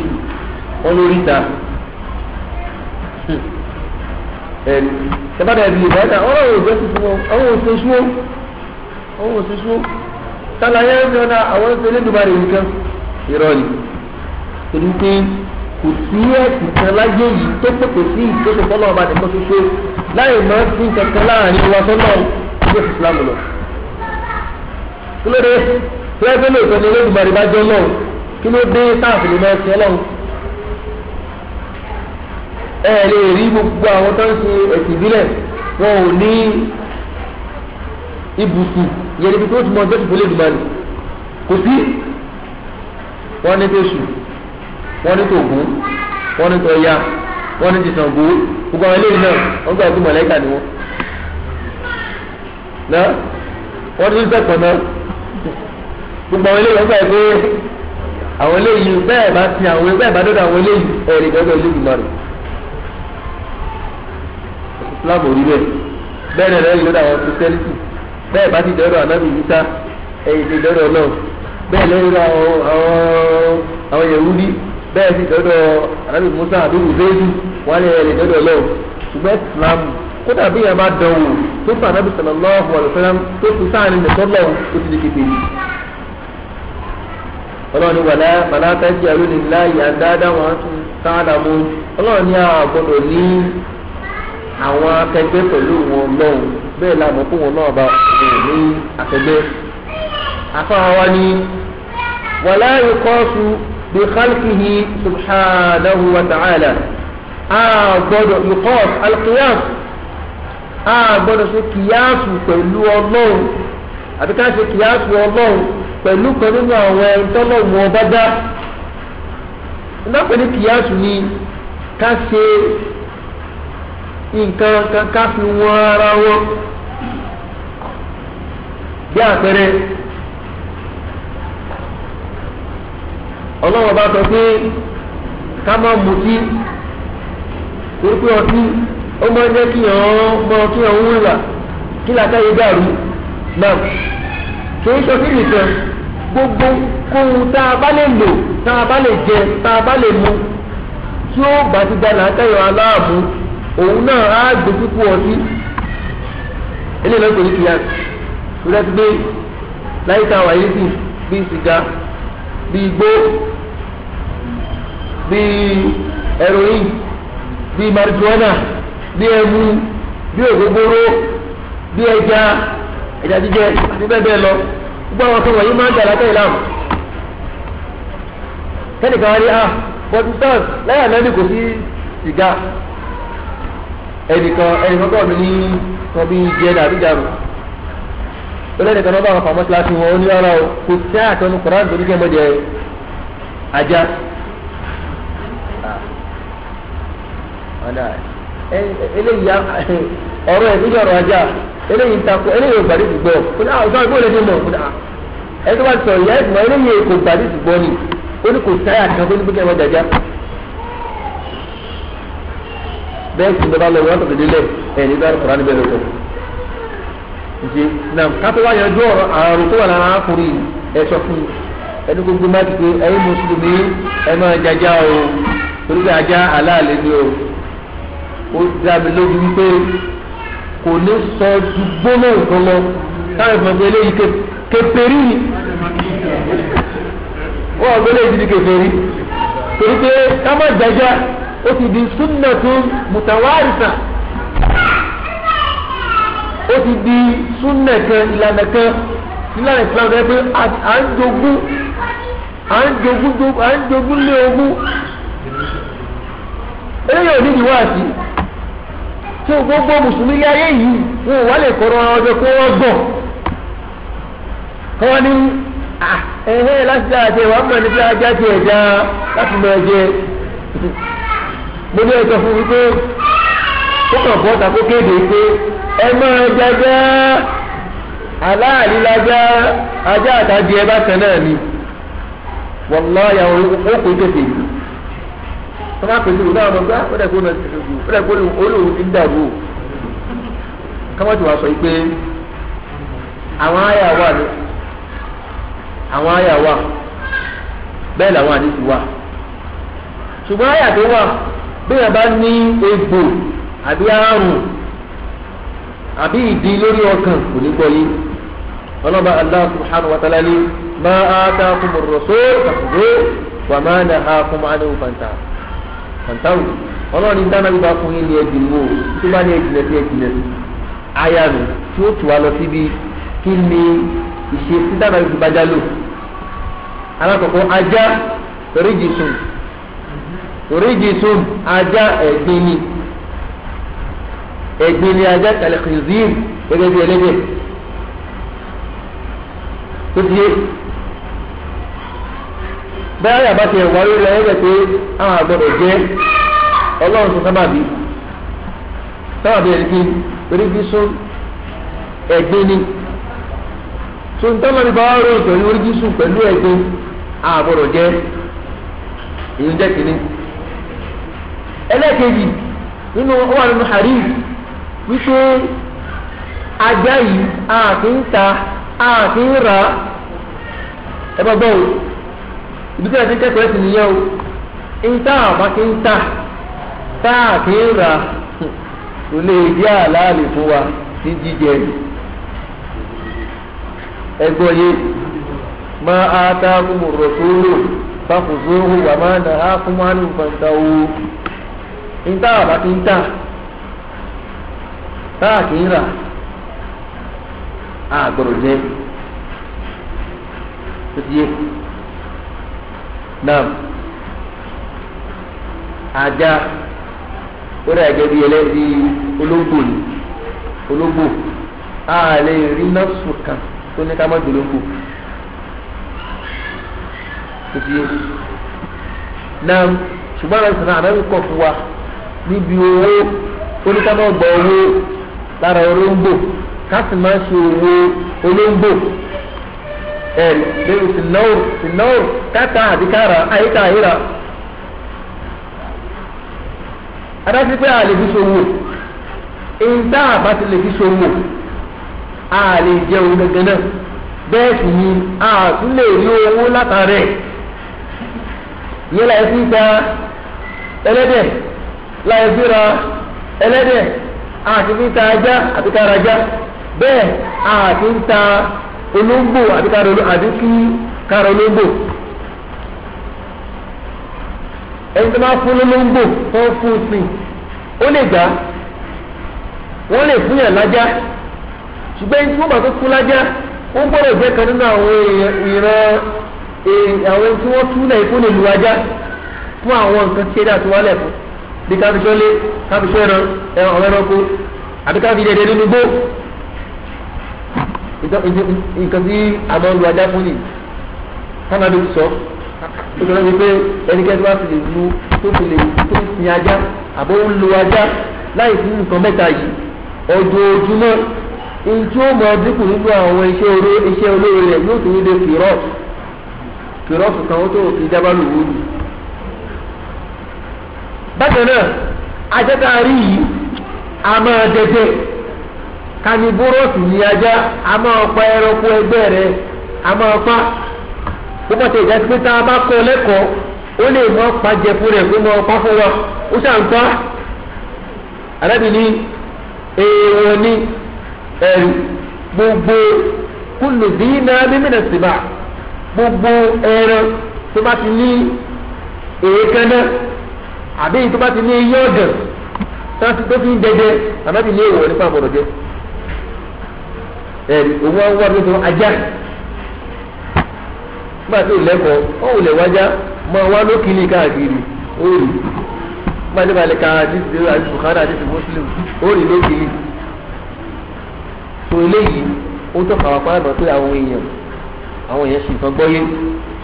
ẹni ṣẹbàdà ẹbí yorùbá ẹ̀ta ọ̀rọ̀ òjò tuntun wọn àwọn òṣèṣúwó àwọn òṣèṣúwó sàlàyé ẹni ọ̀nà àwọn ẹgbẹ́ ẹlẹ́dùnmá rẹ̀ nìkan irọ́ ni torí pé kò sí ẹ̀sìn kan láyé yìí tó pèpè sí ìjọsìn fọlọ́ ọba nìkan ṣoṣo láì máa ń sin kankan láàrin wa sọ́nà ìjọ ìsìlámù lọ. kí ló dé tí ẹgbẹ́ lóòótọ́ ni ẹlẹ́dùnmá rẹ̀ bá jẹ́ ọlọ́run kí ló dé táàfin ní máa ń sin ẹ lè rí gbogbo àwọn tó ń ṣe ẹ̀sìn ìbílẹ̀ wọn ò ní ibùsù yẹn níbi tó ti mọ ọjọ́ ìfowópamọ́ ìdùnnú kò sí wọn ní tẹ̀sù wọn ní tògún wọn ní tọ̀ya wọn ní tìṣàngó gbogbo àwọn eléyìí náà wọn gbà pé mọ̀lẹ́kà ni wọn. ná wọn ní sẹ́kọ̀ọ́ náà gbogbo àwọn eléyìí wọn gbà pé àwọn eléyìí bẹ́ẹ̀ bá ti àwọn bẹ́ẹ̀ bá dọ́dọ̀ àwọn eléyìí ẹ̀rí gbọ́dọ̀ ìlú ìgbìmọ̀ islam ò rí bẹ́ẹ̀ bẹ́ẹ̀ rẹ̀ yóò dàwọn christianity bẹ́ẹ̀ bá ti dọ́rọ̀ anábì yíta ẹ̀yìn ti dọ́rọ̀ náà bẹ́ẹ̀ lẹ́yìn rẹ̀ àwọn yẹ̀wúdí bẹ́ẹ̀ ti dọ́rọ̀ anábì musa àdúgbò wọ́n lè rẹ̀ dọ́rọ̀ náà ṣùgbọ́n islam kódà bí bá tó anábì tó tó ti di àwọn akẹgbẹ́ pẹ̀lú wọn lọ́wọ́ bẹ́ẹ̀ la mọ̀ fún wọn náà bá wọn ní akẹgbẹ́. afáwa wa ni wàlá ìkọ́sù bí kálkìhì subhanahu wa ta'ala a gbọ́dọ̀ ìkọ́s alkiyas a gbọ́dọ̀ ṣe kìyàsù pẹ̀lú ọlọ́run àti ká ṣe kìyàsù ọlọ́run pẹ̀lú kan nínú àwọn ẹ̀ńtọ́lọ́wọ́ ọba dá. ìdápẹ́ ní kìyàsù ni ká ṣe nǹkan kan ká fi wọ́n ara wọn bí àpẹẹrẹ ọlọ́wọ́ bá sọ pé ká má mutí torí pé ọtí ó máa ń jẹ́ kí hàn mọ kí gbogbo kóhun tá a bá lè lò tá a bá lè jẹ tá a bá lè òun náà á gbé púpọ̀ ọtí eléyìí lọ́kọ̀ yìí kìíyà ìrẹ́ ti gbé láyé tá a wà yìí sìn bíi sìgá bíi igbó bíi ẹ̀rọ̀yìn bíi marijuana bíi ẹmu bíi ògógóró bíi ẹja ẹja jíjẹ àti bẹ́ẹ̀ bẹ́ẹ̀ lọ gbogbo àwọn tó wọ̀nyí máa ń dàgbà tẹ̀lé àmọ́ kẹ́nìkan wá ní ah bọ́dún tán lẹ́yìn àná ni kò sí sìgá ẹnìkan ẹnìkan bọ̀ mí ní wọn bí jẹ́ dàbí dàrú olóyìn kan bá wọn fà mọ́sálásí wọn ó ní ọ̀rọ̀ o kò sí koran tó ní kẹ́mọ́ jẹ ajá ah. eléyìí *laughs* ọ̀rọ̀ ẹ̀ níjọ́ ọ̀rọ̀ ajá eléyìí takò eléyìí ah, mọ̀ ah. ẹ̀ tó bá sọ̀rọ̀ yẹ́ eléyìí ni ó ní kò sí tó ní bẹ́ẹ̀ sì ìjọba lọ wọ́n tọ̀tọ̀ délẹ̀ ẹ̀ nígbà kùránì lọ lọ́tọ̀. nti na kátó wá yanjú ọrụ àrùn tó wà lára arákùnrin ẹ̀ fún ẹni gbogbo má ti pé ẹ̀yin mùsùlùmí ẹ máa o torí ajá ni o ó dá mi lójú wípé kò ní sọ ju gbóná nǹkan lọ táwọn eléyìí torí pé ká má ó di sunnatun mutawarisa ó di súnnà kan ìlànà kan nílànà ìsìlámù rẹ pé à ń jogún à ń jogún à ń jogún lé ogún eléyìí ò ní ìwádìí tí o gbogbo mùsùlùmí ilé ayé yìí wọn ò wá ọ jẹ mo ní ẹsọ fún mi pé ó kàn fọ́ ta kó kéde pé ẹ máa jágá aláàlí lájá ajá àtàdé ẹ bá tẹ̀ náà ni wàláyà ó kó tètè wọ́n máa pèsè òun àwọn ọgbà ó dẹ̀ kó olóhùn ti ń dàrú o kámọ́tì wàá sọ pé àwọn àyà wà ní àwọn àyà wà bẹ́ẹ̀ làwọn àdìsí wà ṣùgbọ́n àyà tó wà bẹ́ẹ̀ bá ní egbò àbí àrùn àbí ìdí lórí ọkàn kò ní gbọ́ yìí ọlọ́ba Allah subhanahu wa ta'ala ni ma atakumur rasul fàkùdó wà má nahakum anhu fàǹtà fàǹtà wù ọlọ́run ní dáná bí bá fún yín ní ẹ̀jìn mú o tó bá ní ẹ̀jìnlẹ̀ sí ẹ̀jìnlẹ̀ sí aya nù tí ó tù wá lọ síbi kí ni ìṣe sí dáná bí bá já lò alákọ̀ọ́kọ́ ajá oríjì sùn ríjìtún ajá ẹ̀gbin ni ẹ̀gbin ni ajá kàlẹ́kìzìm gẹ́gẹ́ bí ẹlẹ́dẹ̀ tó ti yé bẹ́ẹ̀ yàrá ti ẹ̀wá lórí ẹ̀ ẹ̀ pé àwọn àgbọ̀dọ̀ jẹ́ ọlọ́run tó sábàbí sábàbí ẹ̀gbin ríjìtún ẹ̀gbin ni tó ń ní bá wà lórí pẹ̀lú ríjìtún pẹ̀lú ẹ̀gbin àgbọ̀dọ̀ jẹ́ ìyẹn jẹ́ kìíní. ẹlẹ́kejì nínú wà nínú hadith wípé ajá yìí a ta a ra ẹ o ibi tí a ti ń kẹ́kọ̀ọ́ ta tá ra kò lè jẹ́ àlàálì fún wa sí jíjẹ yé máa o. níta àbá kí ń tà táà kì í rà á gbọ́dọ̀ jẹ́ tó ti yé náà ajá ó rà gẹ́gẹ́ bí ẹlẹ́bí ológbò ni ológbò á lè rí nọ́ọ̀sù kan tó ní ká má jòló ń bò tó ti yé náà ṣùgbọ́n àwọn ìsìn náà àbẹ́wò kọ̀ fún wa. níbi owó oníkàmọ́ gba owó lára olóńgbò káàsì máa ṣe owó olóńgbò ẹ̀ lérò sínáwó sínáwó káàkà àdìkàrà àyíká àyíra. adásí pé a lè fi ṣòwò ìta àbá ti lè fi ṣòwò a lè jẹun gẹ́gẹ́ náà bẹ́ẹ̀ sì ni a tún lè rí owó látàrẹ̀ yẹlẹ̀ sí gba ẹlẹ́dẹ̀. láyé síra ẹlẹ́dẹ̀ àti ajá àti bẹ́ẹ̀ àti ta olóńgbò àti kí kára olóńgbò ẹni tó bá fún olóńgbò tó ń fún sí ó lè gbà wọ́n lè fún yàn lájá ṣùgbọ́n ẹni tí wọ́n bá tó fún lájá ó gbọ́dọ̀ jẹ́ kan nínú àwọn ìran àwọn tí wọ́n lu ajá bí káfí sọ́lé káfí sọ́ẹ̀rọ ẹ̀rọ ẹranko àbí káfí dẹ̀dẹ̀ nínú gbó nǹkan tí àmọ́ lu ajá fún yìí kánà ló sọ nítorí wọn pé ẹnikẹ́ni wá fi lè lu tó fi lè tó sin ajá àbó ń lu ajá láì fún nǹkan mẹ́ta yìí ọjọ́ojúmọ́ ntí ó mọ dínkù nínú àwọn iṣẹ́ olóore rẹ̀ yóò tún ní de fìrọ́ọ̀tù fìrọ́ọ̀tù kan ó tó fi jábàlù wúlù. bákan náà ajẹ́ta a máa dẹ́dẹ́ kanibúrọ́ọ̀sì ní ajá a máa pa ẹranko ẹgbẹ́ rẹ a máa pa púpọ̀ tẹ̀ pé tá a bá kọ́ lẹ́kọ̀ọ́ ó lè mọ pa jẹ fún rẹ̀ pé mọ pa fún wa ó ṣàn pa àbí èyí tó bá ti ní eyín ọ̀dẹ̀ tó fi ń dẹdẹ àbábí ní èèwọ̀ nípa àbọ̀dọ̀ jẹ ẹ̀rí òun á wá lóṣù ajá nígbà tó lẹ́kọ̀ọ́ ó wùlẹ̀ wájá mọ wá lókìlì káàkiri ó rí nígbà tó balẹ̀ ká àdìsí àdìsí Bukhari àdìsí Muslim ó rí lókìlì tó léyìí ó tó kàwá pa àmọ́ pé àwọn èèyàn àwọn èèyàn sì nǹkan gbọ́yé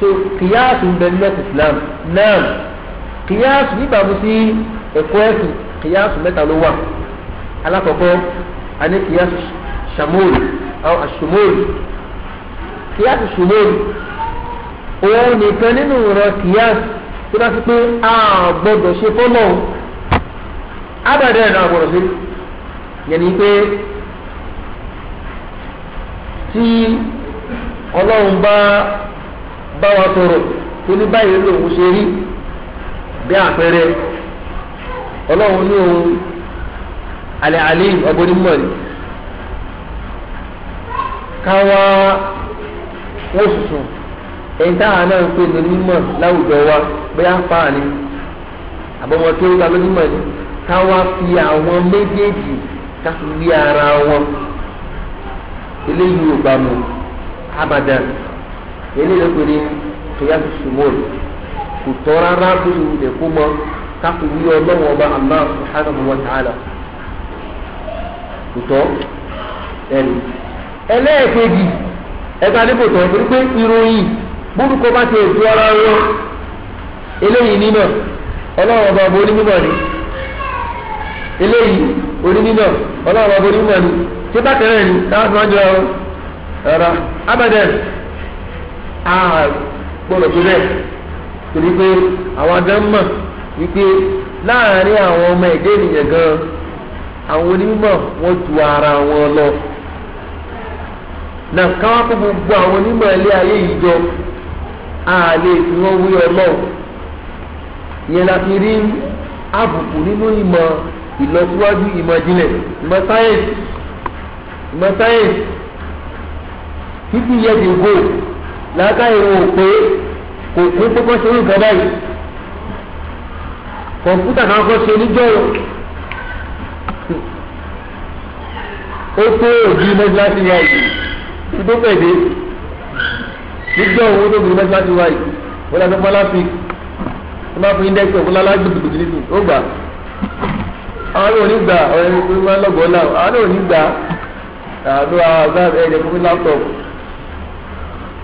tó kìyà àtúndẹ̀ nílẹ̀ kìyàsù níbàámu sí ẹ̀kọ́ ẹ̀sìn kìyàsù mẹ́ta ló wà alákọ̀ọ́kọ́ àní kìyàsù sàmóòlù àwọn àṣùmóòlù kìyàsù sùmóòlù òun nìkan nínú ìran kìyàsù tó bá ti pé a gbọdọ̀ ṣe fọ́lọ́ abàdàn ẹ̀dá àgbọ̀dọ̀ sí yẹn ni pé tí ọlọ́run bá bá wa sọ̀rọ̀ tó ní báyìí lòun ṣe rí. bí àpẹẹrẹ ọlọ́run ní òun alẹ́ alim ọgbọ́nìmọ̀ ni káwa wọ́n sùsùn ẹ̀yìn táwọn náà ń pè ní onímọ̀ láwùjọ wa bóyá fáà ni àbọ̀mọ̀ tó ń ta lónímọ̀ ni fi àwọn méjèèjì ká fi wí ara wọn eléyìí ò mu abadan eléyìí pè ní kò tọ́ rárá bí ìwúlẹ̀ kó mọ káfí wí ọlọ́wọ́ ọba Allah subhanahu wa ta'ala kò tọ́ ìròyìn bá ti ètò ara wọn eléyìí nínà ni eléyìí ni tí torí pé àwọn gan mọ̀ wípé láàárín àwọn ọmọ ẹ̀dẹ́ ènìyàn gan àwọn onímọ̀ wọ́n ara wọn lọ nà káwá kó gbogbo àwọn onímọ̀ ilé ayé yìí jọ a lè fi wọ́n wí ọlọ́run ìyẹn la fi rí àbùkù nínú ìmọ̀ ìlọsíwájú ìmọ̀ ìjìnlẹ̀ ìmọ̀ sáyẹ̀nsì ìmọ̀ sáyẹ̀nsì kò fún kókó ṣe nǹkan báyìí kọ̀ǹpútà náà kọ́ ṣe níjọ́ o ó tó òbí mẹ́tíláṣí wa yìí tí tó pẹ̀lú níjọ́ owó tó òbí mẹ́tíláṣí wa yìí wọ́n lọ́dún pọ́lá fi wọ́n bá fi índẹ́kì ọ̀fun lálá gbùdùgbùdù nínú ó gbà àwọn ò ní gbà ọ̀rẹ́ mi máa lọ́gọ̀ọ́ náà àwọn ò gbà àdúrà ọ̀gá ẹ̀jẹ̀ fún mi láptọ̀pù.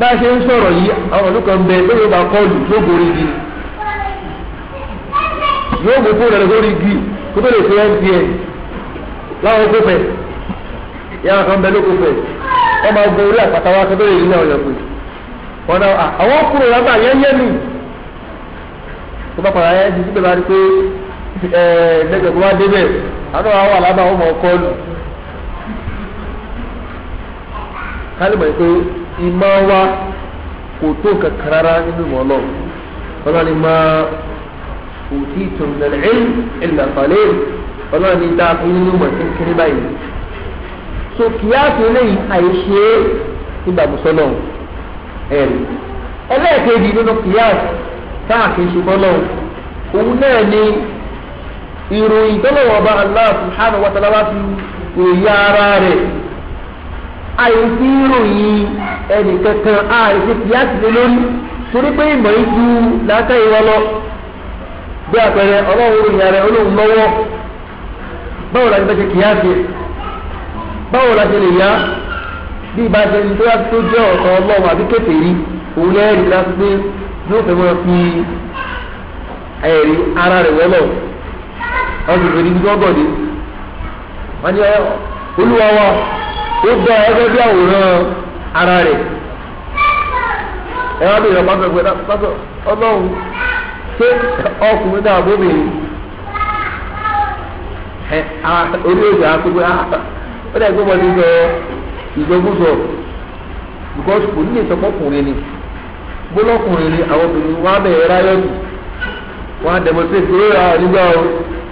bá a ṣe ń sọ̀rọ̀ yìí àwọn ìlú kan bẹ lórí ọba kọlù yóò gorí igi yóò mú fóònù rẹ lórí igi kó tó lè fi mtn láwọn oko fẹ kan bẹ lóko fẹ wọn máa gun orí àpáta wa kó lè rí náà yọgbìn wọn náà àwọn kúrò lábà yẹn yẹn nù tó bá padà yẹn ti síbẹ̀ pé lẹ́gbẹ̀ẹ́ wá débẹ̀ àná wọn mọ̀ kálí mọ̀ pé. ìmọ̀ wa kò tó nǹkan kan rárá nínú ìmọ̀ ọlọ́run ọlọ́run ni máa kò tí ì tòun lẹ́lẹ́ ẹ̀yìn ẹ̀là fàlẹ́ ọlọ́run ni dáa fún nínú ìmọ̀ tí ń kéré báyìí so kìíyàtò eléyìí àìṣe é nígbà mùsọ́nà ẹ̀rì ẹlẹ́ẹ̀kejì nínú kìíyàtò táà kìí ṣe bọ́lọ́ òun náà ni ìròyìn tọ́lọ́wọ́ bá Allah subhanahu wa fi ròyìn ara rẹ̀ a ìròyìn ẹnì kankan àìsí kíyàsílẹ lórí torí pé ìmọ̀ yìí ju láàkà ìwọ lọ bí àpẹẹrẹ ọlọ́run ìyá rẹ olóhùn lọ́wọ́ báwo la ṣe kíyàsí báwo la ṣe lè yá bí ìbá ṣe ní tóyá tó jẹ́ ọlọ́run àbí òun láti pé yóò fẹ́ fi ẹ̀rí ara rẹ̀ wọ́lọ̀ ọ̀sùn ní wọ́n ní ó bọ́ ẹgbẹ́ bí àwòrán ara rẹ̀ ẹ wá bí ìrọ̀pá ọlọ́run ṣé ọkùnrin náà orí òjò ah, ó sọ ìgbọ́gbọ́sọ because kò ní ni ni àwọn obìnrin wọn á bẹ̀rẹ̀ ráyọ̀tù wọn á ó rà nígbà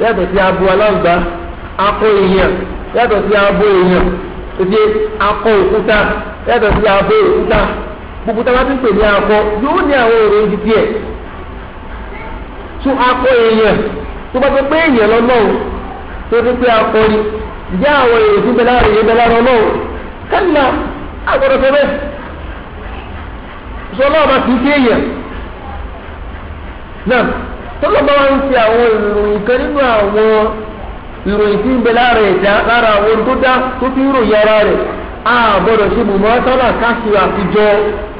yàtọ̀ sí abo aláǹgbá akọ èèyàn yàtọ̀ sí abo èèyàn tètè akọ òkúta yàtọ̀ sí abo òkúta gbogbo tá a bá ti ń pè ní akọ yóò ní àwọn èrò ibi tiẹ̀ tún akọ èèyàn tó bá tó pé èèyàn lọ́lọ́run tó ti pé akọ ni ǹjẹ́ àwọn èrò tó bẹ láàrin yẹn bẹ lára ọlọ́run kálíà àgbọ̀dọ̀ fẹ́ bẹ́ẹ̀ sọlọ́ọ̀ bá ti dé èèyàn náà. tọ́lọ́ bá wá ń ṣe àwọn ìròyìn kan nínú àwọn ìròyìn tí ń bẹ lára ẹ̀dá lára àwọn tó dá tó fi ń ròyìn ara rẹ̀ a gbọ́dọ̀ ṣe mọ̀mọ́ tọ́lá káṣí àtijọ́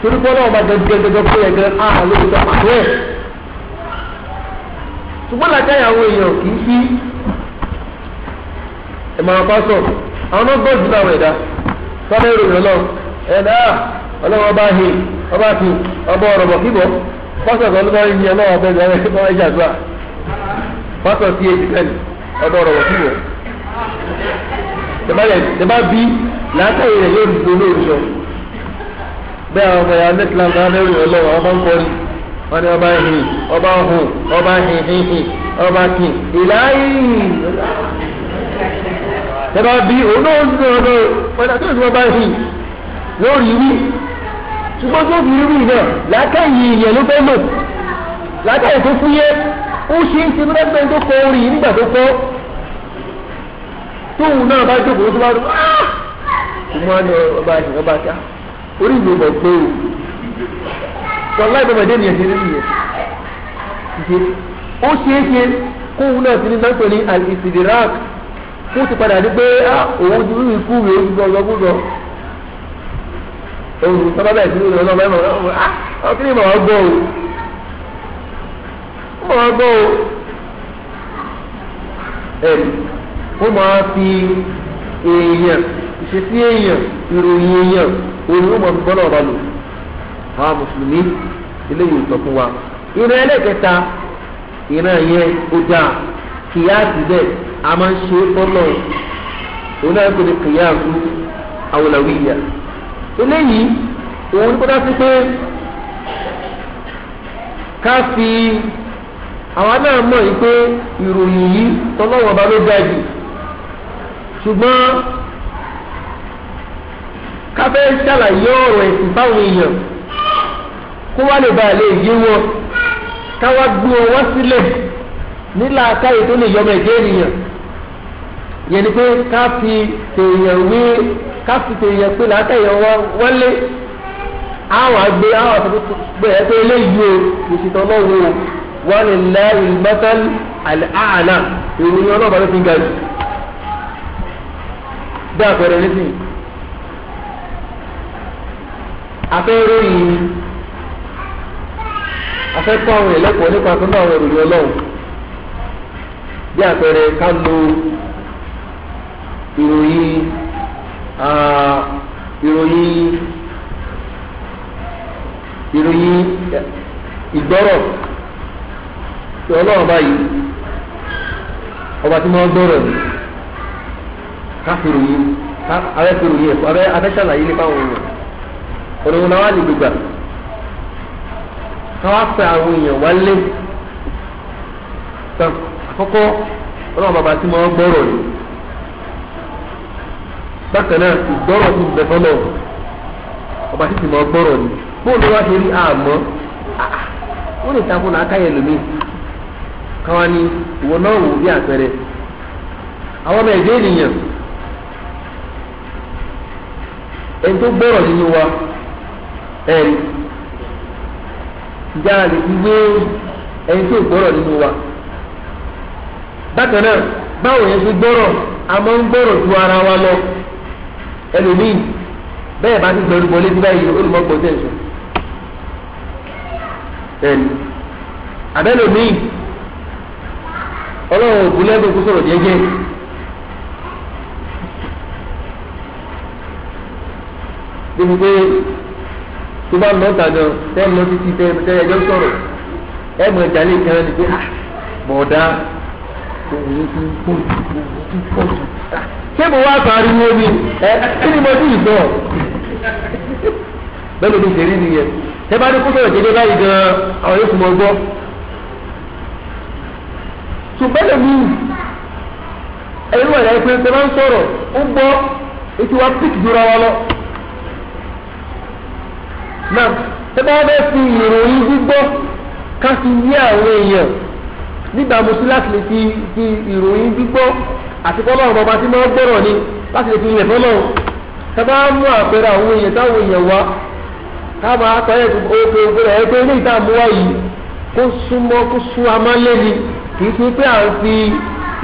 torí pé ọlọ́run bá a lè sọ àwẹ̀. ṣùgbọ́n làjáyà àwọn èèyàn kì í sí ẹ̀ máa àwọn náà gbọ́dọ̀ àwọn ẹ̀dá ìròyìn ọlọ́run ẹ̀dá ọlọ́run ọba pásítọ̀ tó lọ́wọ́ yìí ọlọ́wọ́ bẹ́ẹ̀ lọ́wọ́ lọ́wọ́ ẹ̀jẹ̀ àdúrà pásítọ̀ sí èyí bẹ́ẹ̀ ọ̀dọ̀ ọ̀rọ̀ wọ̀sí wọ̀ tẹ̀bá bí látàrí rẹ̀ yóò dúró lóòótọ́ bẹ́ẹ̀ àwọn ọmọ ya nẹ́tìlá náà lẹ́rù ọlọ́wọ́ ọmọ ń kọrin wọ́n ní ọba hìn ọba hùn ọba hìn hìn hìn ọba kìn ìláyì tẹ̀bá bí òun náà ń dúró lọ́wọ́ ṣùgbọ́n tó fi irú ìdẹ̀ látàyè ìyẹn ló fẹ́ lò látàyè tó fúyẹ́ ó ṣe é ṣe lọ́gbẹ́ tó kọ orí nígbà tó kọ́ tóun náà bá jókòó tó bá rú ọmọ àná ọba àṣìṣe ọba àṣà ah! orí ìlú ọmọ gbé o sọlá ìbọmọdé ni ẹsẹ nínú yẹn ṣe ó ṣe é ṣe kóun náà ti ní náà ní al-istidraak kó ti padà ní pé ah! òun ti rú ikú rèé gbọgbọgbọ òun tọ́ba bẹ́ẹ̀ sí ìlú ọlọ́mọ ẹ̀mọ́ ah, ọ̀hún kí ni mọ̀ ọ́ gbọ́ o mọ̀ ọ́ gbọ́ o ẹ̀ ó máa fi èèyàn ìṣesí èèyàn ìròyìn èèyàn òun ó máa fi bọ́lá ọba lò àwọn mùsùlùmí eléyìí ò sọ fún wa ìran ẹlẹ́kẹta ìran yẹn ó dáa bẹ́ẹ̀ a máa ń ṣe é òun náà ń pè ní kìyàsú awolawíyà eléyìí òun ní kódà sí pé ká fi àwa náà mọ̀ yìí pé ìròyìn yìí tọ́lọ́wọ́ ọba ló dáa jù ṣùgbọ́n ká fẹ́ ṣàlàyé ọ̀rọ̀ ẹ̀sìn fáwọn èèyàn kó wá lè ba lè yé wọn ká wá gbé ọwọ́ sílẹ̀ nílà káyé tó lè yọmọ ẹ̀jẹ̀ ènìyàn yẹn ni pé ká fi èèyàn wé káfíńtì yẹ pé látẹ̀yẹ wọlé àwọn àgbẹ̀ àwọn àtúntò bẹ̀rẹ̀ pé eléyìí o ìṣìtọ̀ lọ́wọ́ o wọ́n lè lẹ́ ìmọ́tẹ́l àlà ìròyìn ọlọ́ọ̀bá ló fi ga jù bí àpẹẹrẹ nísìnyí afẹ́rẹ́ yìí afẹ́kọ́ àwọn ẹlẹ́kọ̀ọ́ nípa tó náà wọ ọlọ́run bí àpẹẹrẹ ká lo ìròyìn ìròyìn ìròyìn ìgbọ́rọ̀ tí ọlọ́run báyìí ọba tí wọ́n gbọ́rọ̀ ni káfíìròyìn abẹ́fìròyìn ẹ̀fọ́ abẹ́ṣàlàyé nípa àwọn èèyàn ọ̀rọ̀ náà wà ní gbígbà káwá pé àwọn èèyàn wá lé tán àkọ́kọ́ ọlọ́run bàbá tí wọ́n gbọ́rọ̀ ni. bákan náà ìgbọ́rọ̀ ti bẹ̀ ọba títí mọ gbọ́rọ̀ ni bóun wá ṣe rí àmọ́ ó lè ta fún akáyẹ lómi káwa ni ìwọ náà wò bí àpẹẹrẹ àwọn ọmọ ẹ̀dẹ́ ènìyàn ẹni tó gbọ́rọ̀ nínú wa ẹ̀rí ìjà lè fi wé ẹni tó gbọ́rọ̀ wa bákan náà báwo yẹn gbọ́rọ̀ ń ara wa lọ. ẹlòmíì bẹ́ẹ̀ bá ti sọ̀rọ̀ ìbọn létí báyìí olùmọ̀gbọ̀n tẹ̀ sùn ẹni àbẹ́lòmíì ọlọ́run òkú lẹ́gbẹ̀ẹ́ kó sọ̀rọ̀ jẹ́jẹ́ débi pé tó bá lọ tàjọ tẹ́ lọ títí tẹ́ tẹ́ ẹjọ́ sọ̀rọ̀ ẹ mọ̀ ẹ̀jà lè kẹrin ni pé ah, bọ̀dá òun kú kóòtù òun kú kóòtù ṣé mo wá pariwo mi ẹ kí ni mo ti gbọ́ bẹ́ẹ̀ ló ti rí nìyẹn ṣé bá ní kó sọ̀rọ̀ jẹjẹ báyìí gan àwọn yóò fún mọ gbọ́ ṣùgbọ́n lèmi ẹ̀rú ẹ̀rẹ́ pé ṣe máa ń sọ̀rọ̀ ó gbọ́ ètò wa pík dúró wa lọ náà ṣé bá bẹ́ẹ̀ fi ìròyìn gbígbọ́ ká fi yé àwọn èèyàn nígbà mo sí láti lè fi ìròyìn gbígbọ́ àti fọlọ́run bàbá tí máa gbọ́rọ̀ ni láti lè fi ilẹ̀ fọlọ́run tábà mú àpẹẹrẹ àwọn èèyàn táwọn èèyàn wá tábà àpẹẹrẹ òkè òkèrè ẹgbẹ́ ilé ìtààmúwá yìí kó súnmọ́ kó sún amálé ni kì í fi pé à ń fi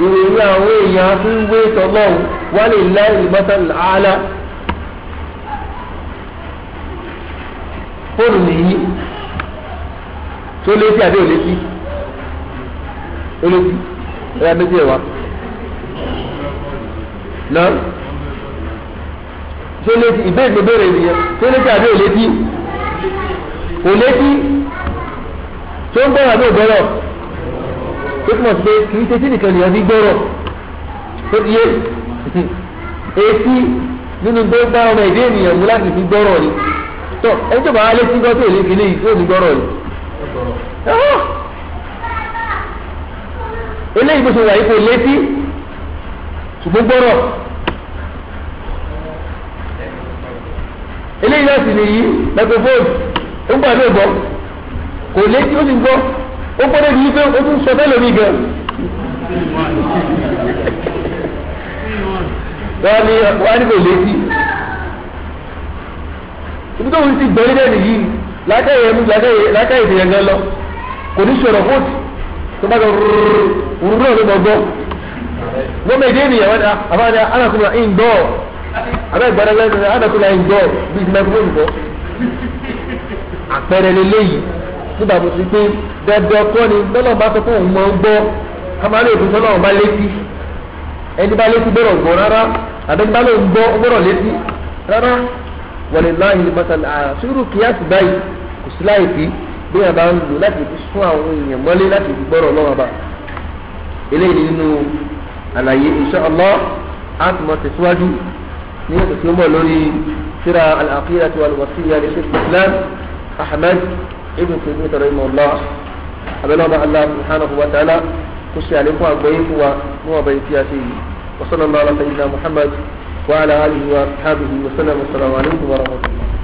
ìròyìn àwọn èèyàn fi ń wé tọ́lọ́run wálé láì ìmọ́tà ààlà fóònù nìyí tó létí àbí òlétí òlétí ẹ̀yà méjì ẹ̀ wá náà ṣé létí ìbéèrè ìbéèrè ìyẹn ṣé létí àbí òlétí òlétí tó ń gbọ́rọ̀ àbí ògbọ́rọ̀ tó túmọ̀ sí pé kì í ṣe tí nìkan nìyẹn fi gbọ́rọ̀ tó ti yé etí nínú tó bá ọmọ ìdí ènìyàn mú láti fi gbọ́rọ̀ ni tó ẹni tó bá létí gbọ́ tó lè fi léyìí tó ní gbọ́rọ̀ ni. eléyìí bó ṣe wà yìí kò létí ṣùgbọ́n gbọ́rọ̀ eléyìí náà sì nìyí microphone ó gbà ní ìbọn kò létí ó sì gbọ́ ó gbọ́dọ̀ yìí pé ó tún sọ fẹ́lẹ̀ mi gan. wọ́n ní wọ́n á ní kò létí ibi tó ń ti gbẹ̀rí náà nìyí lákàyè ẹ̀mú lákàyè ìdìyẹn gan lọ kò ní sọ̀rọ̀ fóòtù tó bá gbọ́ rúrú náà ló mọ̀ gbọ́ wọ́n èdè ènìyàn wọ́n dà àbáyé anakuna indoor abẹ́ ìgbàdá lẹ́nu anakuna indoor bíi ti mẹ́kúrò nìkọ́ àpẹẹrẹ lélẹ́yìí nígbà tó ti pé dẹ́gbẹ́ ọkọ ni lọ́nà bá sọ fún òun mọ̀ ń gbọ́ kamara èdè sọ́nà ọba létí ẹni bá létí gbọ́dọ̀ gbọ́ rárá àbẹ́ni bá ló ń gbọ́ gbọ́dọ̀ létí rárá wọlé láàyè mọ́tàlá àṣírù kíyàsì báyìí kò sí láì fi bí wọn bá ń lò láti fi sún àwọn èèyàn mọ́lé láti fi gbọ́dọ̀ lọ́wọ́ bá eléyìí nínú àlàyé insha Allah a tún mọ tẹ̀síwájú ní oṣù mo ó mọ̀ lórí síra al-aqidatu wal-wasiyya li Sheikh Islam Ahmad ibn Taymiyyah rahimahullah abẹ́lẹ́ ọba Allah subhanahu wa ta'ala kó ṣe àlékún àgbọ́yé fún wa níwọ̀n bẹ́ẹ̀ tí a ṣe yìí wa sallallahu ala sayyidina Muhammad wa ala alihi wa ashabihi wa sallam wa salamu alaykum wa rahmatulah.